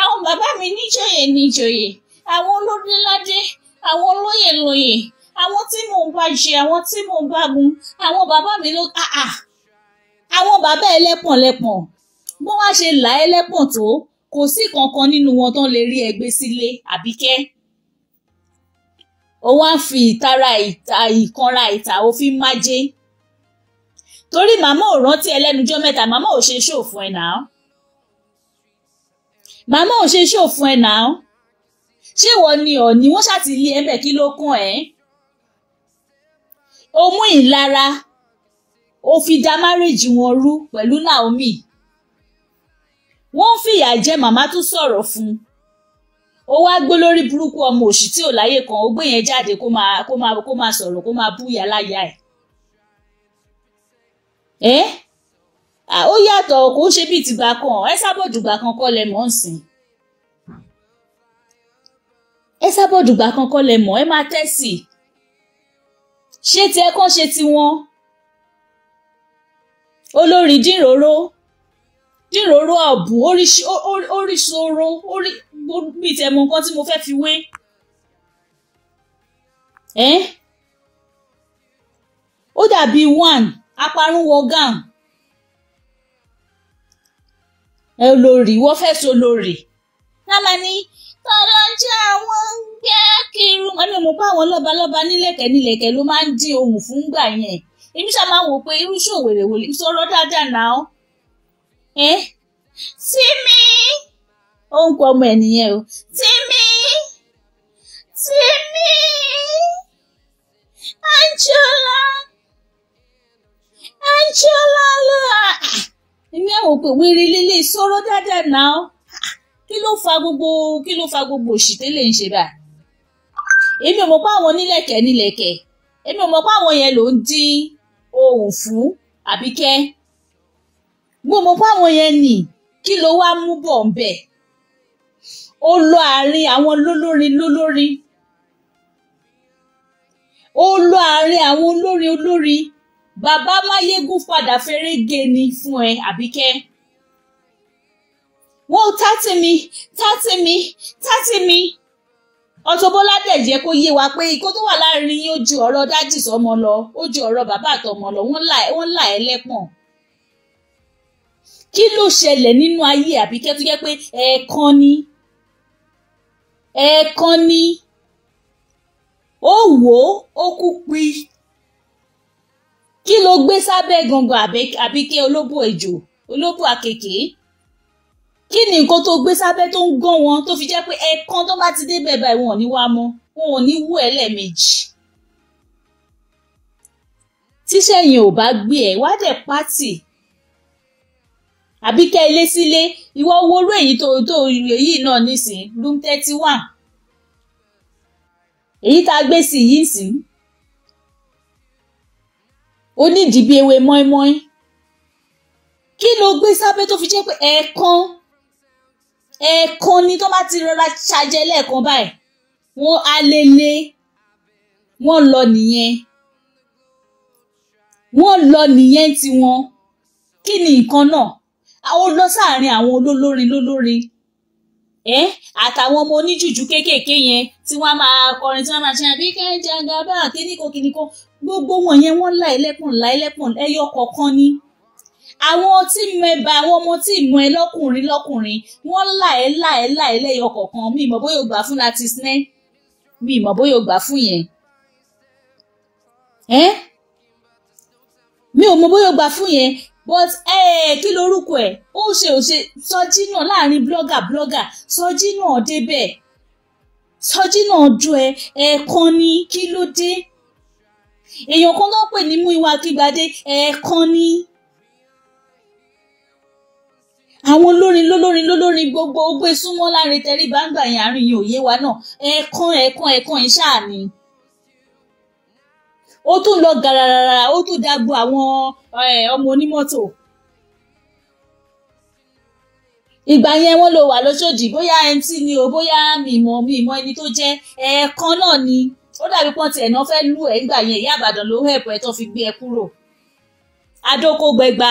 Speaker 1: àwọn bàbá mi níjòyè níjòyè àwọn olódéládé àwọn olóyè lóyè àwọn tí mò ń bá jẹ àwọn tí mò ń bá gun àwọn bàbá mi ló àwọn bàbá ẹlẹ́pọ̀n lẹ́pọ̀n bó wá ṣe là ẹlẹ́pọ̀n tó kò sí kankan nínú wọn tán lè rí ẹgbẹ́ sílé àbíkẹ́ ó wá fi ìtara ìkanra ìta ó fi májé torí màmá ò rántí ẹlẹ́nujọ́ mẹ́ta màmá ò ṣe ṣó fún ẹ náà màmá ò ṣe ṣó fún ẹ náà ṣé ìwọ ni ọ̀ní wọ́n ṣàti ilé ẹ̀ bẹ̀ kí ló kún ẹ̀ ó mú ìlara ó fi dá márèjì wọn rú pẹ̀lú Naomi wọ́n ń fìyà jẹ màmá tún sọ̀rọ̀ fún un ó wá gbó lórí burúkú ọmọ òṣì tí ò láyè kan ó gbé yẹn jáde kó máa kó máa kó máa sọ̀rọ̀ kó máa búyà láyà ẹ̀. ẹ́ ó yàtọ̀ kò ń ṣe bíi tìgbà kan ẹ sábọ̀dùgbà kan kọ́ lẹ mọ̀ ń sìn. ẹ sábọ̀dùgbà kan kọ́ lẹ mọ̀ ẹ máa tẹ́sì. ṣé tiẹ̀ kàn ṣe tiwọn. olórí dínròró jíròrò ọ̀bùn oríṣoro bí tẹ mọ nǹkan tí mo fẹ́ fi wé. ó dàbí one aparun wọ gown olórí wọ́n fẹ́ so lórí. lámà ní tọ́lọ́ jẹ́ àwọn ń gbé kiri wọn ni mo pa àwọn lọ́balọ́ba nílẹ̀kẹ̀ nílẹ̀kẹ̀ ló máa ń dín ohùn fún gbà yẹn èmi ṣáà máa wò pé irú ṣòwò èrè wò lè sọ̀rọ̀ dáadáa náà. ẹ eh? Tímì ó ń kọ ọmọ ẹ nìyẹn o Tímì
Speaker 2: Tímì Anjola Anjola ló à èmi
Speaker 1: àwọn òpè wíri lílé sọ̀rọ̀ dáadáa náà kí ló fa gbogbo kí ló fa gbogbo òṣì tẹ́lẹ̀ ń ṣe báyìí èmi ò mọ̀ pé àwọn onílẹ̀kẹ̀ nílẹ̀kẹ̀ èmi ò mọ̀ pé àwọn yẹn ló ń dín ohùn àbíkẹ́ mo mọ̀ fáwọn yẹn nì kí ló wá mú bọ̀ ń bẹ̀ ó lọ àárín àwọn lólórin lólórin ó lọ àárín àwọn olórin olórin bàbá máyégún padà fẹ́rẹ́ gé ni fún ẹ àbíkẹ́ wọ́n tátì mi tátì mi tátì mi Auto Bola dẹ̀ jẹ́ kó yé wa pé ikó tó wà láàrin yín ó ju ọ̀rọ̀ dájì sọmọ lọ ó ju ọ̀rọ̀ bàbá àtọmọ lọ wọ́n là ẹ́ lẹ́pọ̀n kí ló ṣẹlẹ̀ nínú ayé àbíkẹ́ tó jẹ́ pé ẹ̀ẹ̀kan ni ẹ̀ẹ̀kan ni ó wò ó ó kú pi kí ló gbé sábẹ́ gangan àbíkẹ́ olóbò ejò olóbò àkèké kí ni nǹkan tó gbé sábẹ́ tó ń gán wọn tó fi jẹ́ pé ẹ̀ẹ̀kan tó bá ti dé bẹ̀bẹ̀ wọn ò ní wá mọ́ wọn ò ní wú ẹ̀ lẹ́ẹ̀mejì tíṣẹ̀yìn ò bá gbé ẹ̀ wá dẹ̀ pátì àbí kẹ́ ilé sílé ìwọ owóró èyí tó tó èyí náà nísìn room thirty one èyí tá a gbé sí yìí sí ó ní ìdìbí ewé mọ́ínmọ́ín kí ló gbé sábẹ́ tó fi jẹ́ pé ẹ̀ẹ̀kan ẹ̀ẹ̀kan ni tó bá ti rọra ṣàjẹ́ lẹ́ẹ̀kan báyìí wọ́n á wọ́n lọ nìyẹn wọ́n lọ nìyẹn tiwọn kí ni nǹkan náà ó lọ sáàrin àwọn olólórin lólórin ẹ àtàwọn ọmọ oníjùjú kéékèèké yẹn tí wọ́n máa kọrin tí wọ́n máa ṣe àbíkẹ jangaba kíníkò kíníkò gbogbo wọn yẹn wọ́n la ẹlẹ́kùn la ẹlẹ́kùn ẹyọ kọ̀ọ̀kan ni àwọn tí mẹba àwọn ọmọ tí mọ ẹ lọkùnrin lọkùnrin wọ́n là ẹ là ẹ là ẹ lẹyọ kọ̀ọ̀kan mi ìmọ̀ bóyá o gbà fún láti sinẹ mi ìmọ̀ bóyá o gbà fún yẹn mi ò mọ̀ bóyá o gbà fún yẹn but eh, kí lorúkọ ẹ̀ ó ṣe ò ṣe sọjí náà láàrin blogger blogger sọjí náà débẹ̀ sọjí náà ju ẹ ẹ̀ẹ̀kan ní kí ló dé èèyàn kan ló pè ní Múyìwá Kígbadé ẹ̀ẹ̀kan ní àwọn olórin lólórin lólórin gbogbo ó gbé súnmọ́ láàrin tẹríba ń gbà yẹn àárín yìí òye wa náà ẹ̀ẹ̀kan ẹ̀ẹ̀kan ẹ̀ẹ̀kan ìṣáà ni. Eh, ó tún lọ gàràràrà ó tún dàgbò àwọn ọmọ onímọ́tò ìgbà yẹn wọ́n lọ wà lọ́sọ̀dì bóyá nt ni o bóyá mímọ̀ mímọ̀ ẹni tó jẹ́ ẹ̀ẹ̀kan náà ni ó dàbí pọ́n tiẹ̀ náà fẹ́ lù ẹ́ ìgbà yẹn ìyá àbàdàn ló hẹ̀pọ̀ ẹ̀ tó fi gbé ẹ kúrò adóko gbẹgba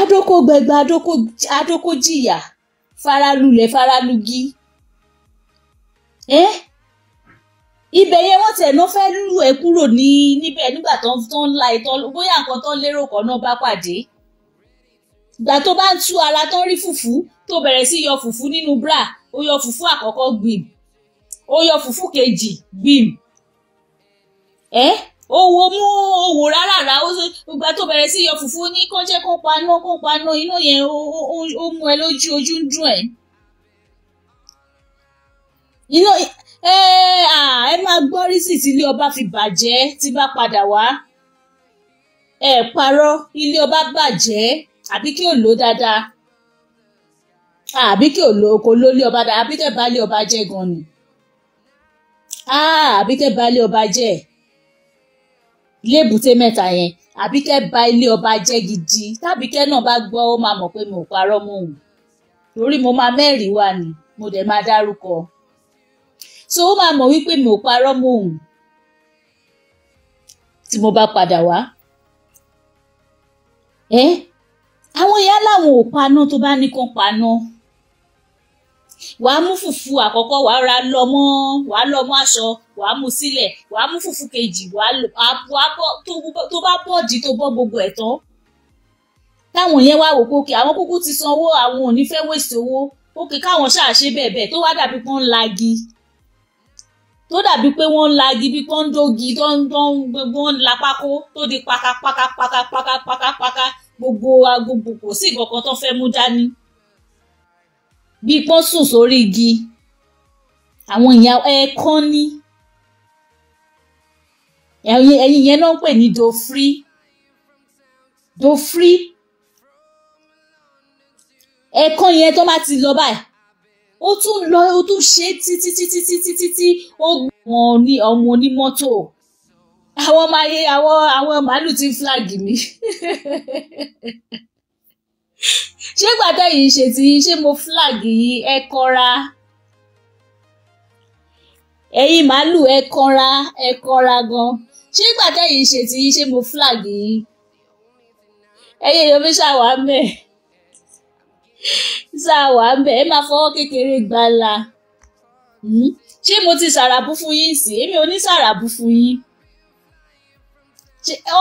Speaker 1: adóko gbẹgba adóko faralulẹ̀ faralugi eh? ibẹ̀ yẹn wọ́n tẹ̀ náà fẹ́ẹ́ lù ẹ́ kúrò ní níbẹ̀ nígbà tó ń la ìtọ́ bóyá nǹkan tó ń lérò kan náà bá pàdé ìgbà tó bá ń tú ara tó ń rí fùfú tó bẹ̀rẹ̀ sí yọ fùfú nínú bra ó yọ fùfú àkọ́kọ́ gbìm ó yọ fùfú kejì gbìm ẹ́ ó wo mú ó wò rárá ó ìgbà tó bẹ̀rẹ̀ sí yọ fùfú ní kó jẹ́ kó paná kó paná iná yẹn ó mú ẹ lójú ojú ń dùn ẹ́ iná ẹ máa gbọ́ rí sí tí ilé ọba fi bàjẹ́ tí bá padà wá ẹ parọ́ ilé ọba bàjẹ́ àbí kí ò lò dáadáa àbí kí ò lò kò ló lé ọba dáa àbí kẹ́ bà lé ọba jẹ́ gan ni àbí kẹ́ bà lé ọba jẹ́ lébùté mẹ́ta yẹn àbí kẹ́ bà ilé ọba jẹ́ gidi tábìkẹ́ náà bá gbọ́ ó máa mọ̀ pé mi ò parọ́ mọ́ òun torí mo máa mẹ́rìí wá ni mo dẹ̀ máa dárúkọ so ó máa mọ̀ wípé mi ò parọ́ mọ́ òun tí mo bá padà wá. ẹ àwọn ìyá làwọn ò paná tó bá ní kán paná wàá mú fùfú àkọ́kọ́ wàá ra lọ mọ́ wàá lọ mọ́ aṣọ wàá mú sílẹ̀ wàá mú fùfú kejì wàá tó bá bọ́ di tó bọ́ gbogbo ẹ̀ tán táwọn yẹn wá wò pé òkè àwọn kúkú ti sanwó àwọn ò ní fẹ́ wèsì owó òkè káwọn ṣáà ṣe bẹ́ẹ̀ bẹ́ẹ̀ tó wá dàbí pọ́n lagi tó dàbí pé wọ́n ń la gibi tó ń dógi tó ń tó ń gbogbo ń la pákó tó di pakapakapakapakapaka gbogbo agbègbè kò sí ìkọ̀kan tó fẹ́ mú dání bí pọ́n sùn sórí igi àwọn ìyá ẹ̀ẹ́kán ní ẹ̀yìn yẹn náà ń pè ní dofri dofri ẹ̀ẹ́kán yẹn tó bá ti lọ báyìí ó tún lọ ó tún ṣe títí títí títí títí ó gbọ́n ní ọmọ onímọ́tò àwọn ọmọ ayé àwọn àwọn màálù ti ń flagi mi ṣé gbàtẹ́ yìí ṣe ti ṣé mo flagi yìí ẹ kọra ẹ̀yin màálù ẹ kọra ẹ kọra gan ṣé gbàtẹ́ yìí ṣe ti ṣé mo flagi yìí ẹ̀yin èèyàn mi ṣàwámẹ́ sá wà ń bẹ ẹ máa fọwọ́ kékeré gbala hmm? ṣé mo ti ṣàràbù fún yín sí èmi ò ní ṣàràbù fún yín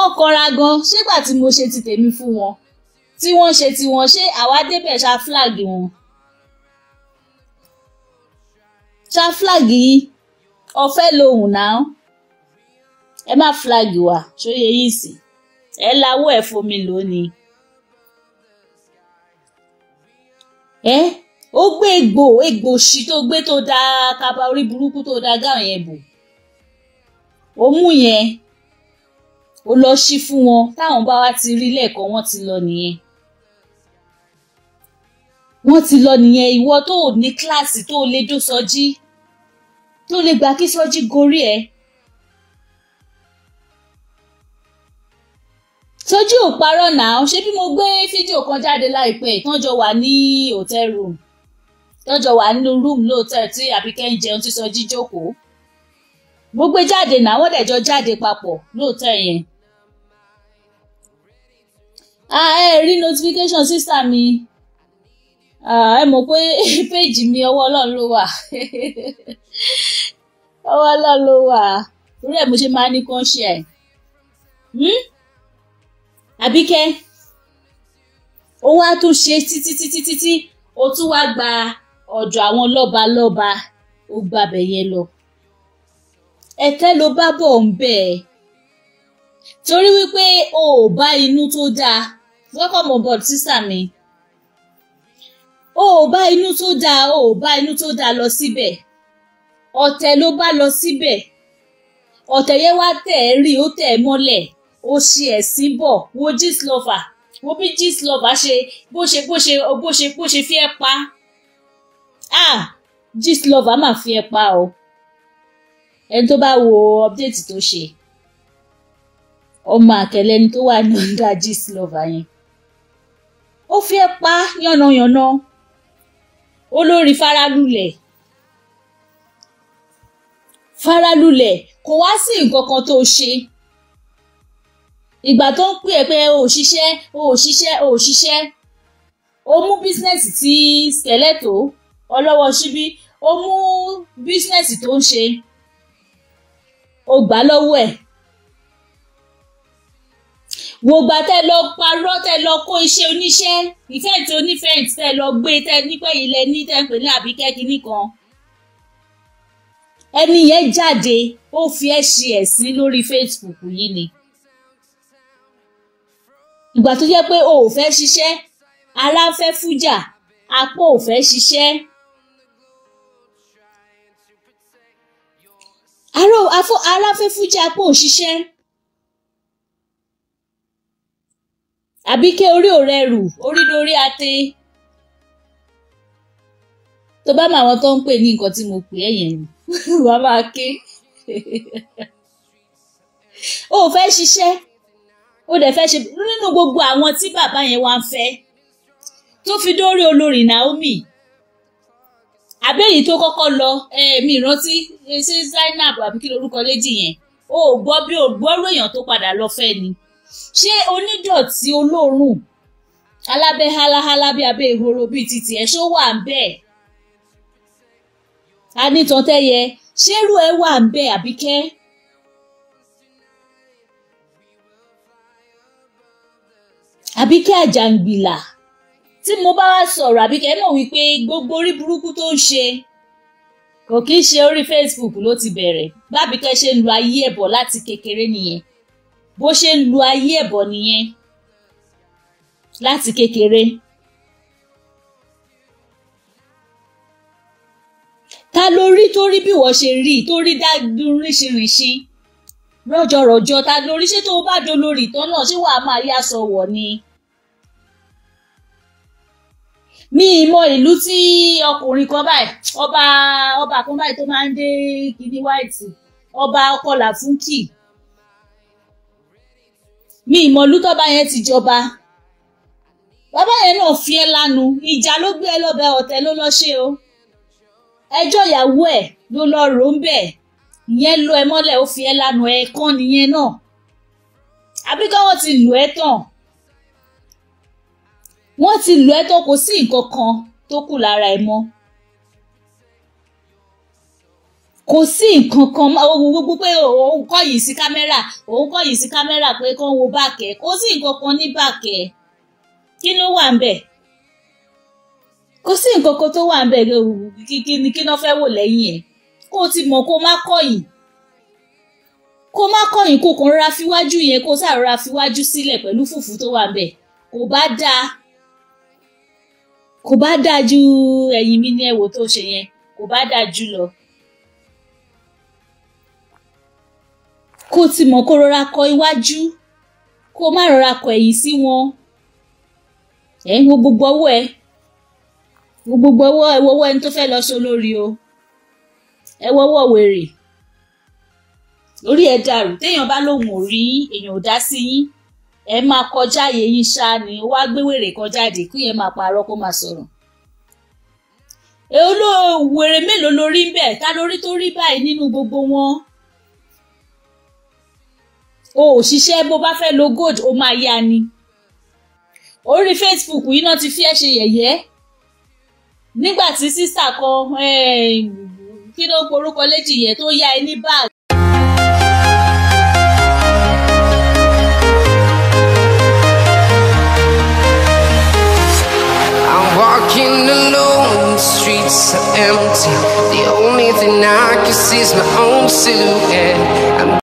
Speaker 1: ọkọra gan ṣégbà tí mo ṣe ti tèmi fún wọn tí wọ́n ṣe ti wọn ṣé àwa débẹ̀ ṣá flag wọn ṣá flag yìí ọ̀fẹ́ lòun náà ẹ má flag wa ṣó yẹ yìí sí ẹ lawó ẹ fomi lónìí. ẹ ó gbé egbò egbò òṣì tó gbé tó da kaba orí burúkú tó da gáà yẹn bò ó mú yẹn ó lọ sí fún wọn táwọn bá wá ti rí lẹ́ẹ̀kan wọ́n ti lọ nìyẹn wọ́n ti lọ nìyẹn ìwọ tó ní kíláàsì tó lè dó sọjí tó lè gbà kí sọjí gorí ẹ̀. E Tójú ò parọ́ náà ṣé bí mo gbé fídíò kan jáde láìpẹ́ tọ́jọ́ wà ní hotel room tọ́jọ́ wà nínú room lóòótọ́ tí Àbíkẹ́ ń jẹun tí Sọjí jókòó mo gbé jáde náà wọ́n dẹ̀jọ́ jáde papọ̀ lóòótọ́ yẹn. a ẹ rí notification sísá mi ẹ mọ̀ pé péjì mi ọwọ́ ọlọ́run ló wà ọwọ́ ọlọ́run ló wà torí ẹ̀ mo ṣe máa ní kán ṣe ẹ̀ àbíkẹ́ ó wá tún ṣe títí títí títí ó tún wá gba ọ̀dọ̀ àwọn lọ́ba lọ́ba ó gbàbẹ̀ yẹn lọ ẹ̀kẹ́ ló bá bọ̀ ń bẹ̀ ẹ́ torí wípé o ò bá inú tó dáa welcome on board sísà mi o ò bá inú tó dáa o ò bá inú tó dáa lọ síbẹ̀ ọ̀tẹ̀ ló bá lọ síbẹ̀ ọ̀tẹ̀ yẹn wá tẹ̀ ẹ́ rí ó tẹ̀ ẹ́ mọ́lẹ̀ ó ṣe ẹ̀sìn bọ̀ wo gist lover wo bí gist lover ṣe bó ṣe bó ṣe bó ṣe bó ṣe fi ẹ́ pa ah gist lover máa fi ẹ́ pa o ẹni tó bá wo update tó ṣe ọmọ àkẹlẹ ẹni tó wà ní ọ̀dà gist lover yẹn ó fi ẹ́ pa yànnàyànnà olórí faralulẹ̀ faralulẹ̀ kò wá sí nǹkan kan tó ṣe ìgbà tó ń pè é pé o ò ṣiṣẹ́ o ò ṣiṣẹ́ o ò ṣiṣẹ́ o mú bísínẹ́sì ti skeleto ọlọ́wọ́ ṣíbí o mú bísínẹ́sì tó ń ṣe o gbà lọ́wọ́ ẹ̀ wo gba tẹ lọ parọ́ tẹ lọ kó iṣẹ́ oníṣẹ́ ìfẹǹtì onífẹǹtì tẹ lọ gbé tẹ nípẹ ilẹ̀ ní tẹpẹ ní àbíkẹ kínní kan ẹni yẹn jáde ó fi ẹ ṣe ẹ̀sín lórí Facebook yìí ni ìgbà tó jẹ́ pé o ò fẹ́ ṣiṣẹ́ ara fẹ́ fújà apá ò fẹ́ ṣiṣẹ́. ara fẹ́ fújà apá ò ṣiṣẹ́. àbí ké orí ò rẹrù orí dorí ate tó bá mọ àwọn tó ń pè ní nǹkan tí mo pè é yẹn wàá máa ké o ò fẹ́ ṣiṣẹ́ ó dẹ̀ fẹ́ ṣe nínú gbogbo àwọn tí bàbá yẹn wá ń fẹ́ tó fi dórí olórí Naomi àbẹ́yìí tó kọ́kọ́ lọ ẹ̀ẹ̀mí ìrántí ṣé Zainab àbí kí lorúkọ léjì yẹn o ò gbọ́ bí o gbọ́rọ̀ èèyàn tó padà lọ fẹ́ ni ṣé onídọ̀tí olóòórùn alábẹ́ háláhálá bí abẹ́ ìhoro bíi titi ẹ̀ ṣó wà ń bẹ́ẹ̀ anítọ́tẹ́yẹ ṣérú ẹ wà ń bẹ́ẹ̀ àbíkẹ́ Àbíkẹ́ Àjàngbìlà tí mo bá wá sọ̀rọ̀ Àbíkẹ́ mọ̀ wípé gbogbo orí burúkú tó ń ṣe kò kí ń ṣe orí Facebook ló ti bẹ̀rẹ̀ bábíkẹ́ ṣe ń lu ayé ẹ̀bọ̀ láti kékeré nìyẹn bó ṣe ń lu ayé ẹ̀bọ̀ nìyẹn láti kékeré. ta ló rí tó bí wọ́n ṣe rí tó dá dúró ríṣiríṣi rọjọrọjọ ta lórí ṣé tó o bá dolórí ìtàn náà ṣé wàá máa yá sọwọ ni. mi ìmọ̀ ìlú tí ọkùnrin kan báyìí ọba ọba kan báyìí tó máa ń dé kìíní wáìtì ọba ọkọlà fúnkì mi ìmọ̀ ìlú tọ́ba yẹn ti jọba bàbá yẹn náà fi ẹ́ lánu ìjà ló gbé ẹ lọ́bẹ̀ ọ̀tẹ̀ ló lọ́ ṣe o ẹjọ́ ìyàwó ẹ̀ ló lọ́ọ́ rò ń bẹ̀ ìyẹn lo ẹ mọ́lẹ̀ ó fi ẹ lanu ẹ kán nìyẹn náà àbí kí wọ́n ti lù ẹ́ tán wọ́n ti lù ẹ́ tán kò sí nǹkan kan tó kù lára ẹ mọ́ kò sí nǹkan kan ohun gbogbo pé òun kọ́ yìí sí kámẹ́rà òun kọ́ yìí sí kámẹ́rà pé kán wo báàkẹ́ kò sí nǹkan kan ní báàkẹ́ kí ló wà ń bẹ̀ kò sí nǹkan kan tó wà ń bẹ̀ kí ni kí ni wọ́n fẹ́ wò lẹ́yìn ẹ̀ kó o ti mọ̀ kó o má kọ̀yìn kó o má kọ̀yìn kó o kàn rọra fiwájú yẹn kó o sá rọra fiwájú sílẹ̀ pẹ̀lú fùfú tó wà bẹ̀ kò bá dáa kò bá dáa ju ẹ̀yìn mi ní ẹ̀wò tó ṣe yẹn kò bá dáa jù lọ. kó o ti mọ̀ kó o rọra kọ iwájú kó o má rọra kọ ẹ̀yìn sí wọn ẹ̀ gbogbo ọwọ́ ẹ gbogbo ọwọ́ ẹ wọ́wọ́ ẹni tó fẹ́ lọ sọ lórí o ẹ wọ́wọ́ wèrè orí ẹ dàrú téèyàn bá lòun ò rí èèyàn ò dá sí yín ẹ máa kọjá àyè ṣá ni wá gbé wèrè kan jáde kí yẹn máa parọ́ kó máa sọ̀rọ̀ ẹ olóòwèrè mélòó lórí ń bẹ ta lórí tó rí báyìí nínú gbogbo wọn o ò ṣiṣẹ́ bó bá fẹ́ lo gold ó máa yá ni orí Facebook yìí náà ti fi ẹ́ ṣe yẹ̀yẹ́ nígbà tí sísà kan eh, kí ló ń léjì yẹn tó yá ẹ báàgì.
Speaker 2: Walking alone, the streets are empty. The only thing I can see is my own
Speaker 1: silhouette. I'm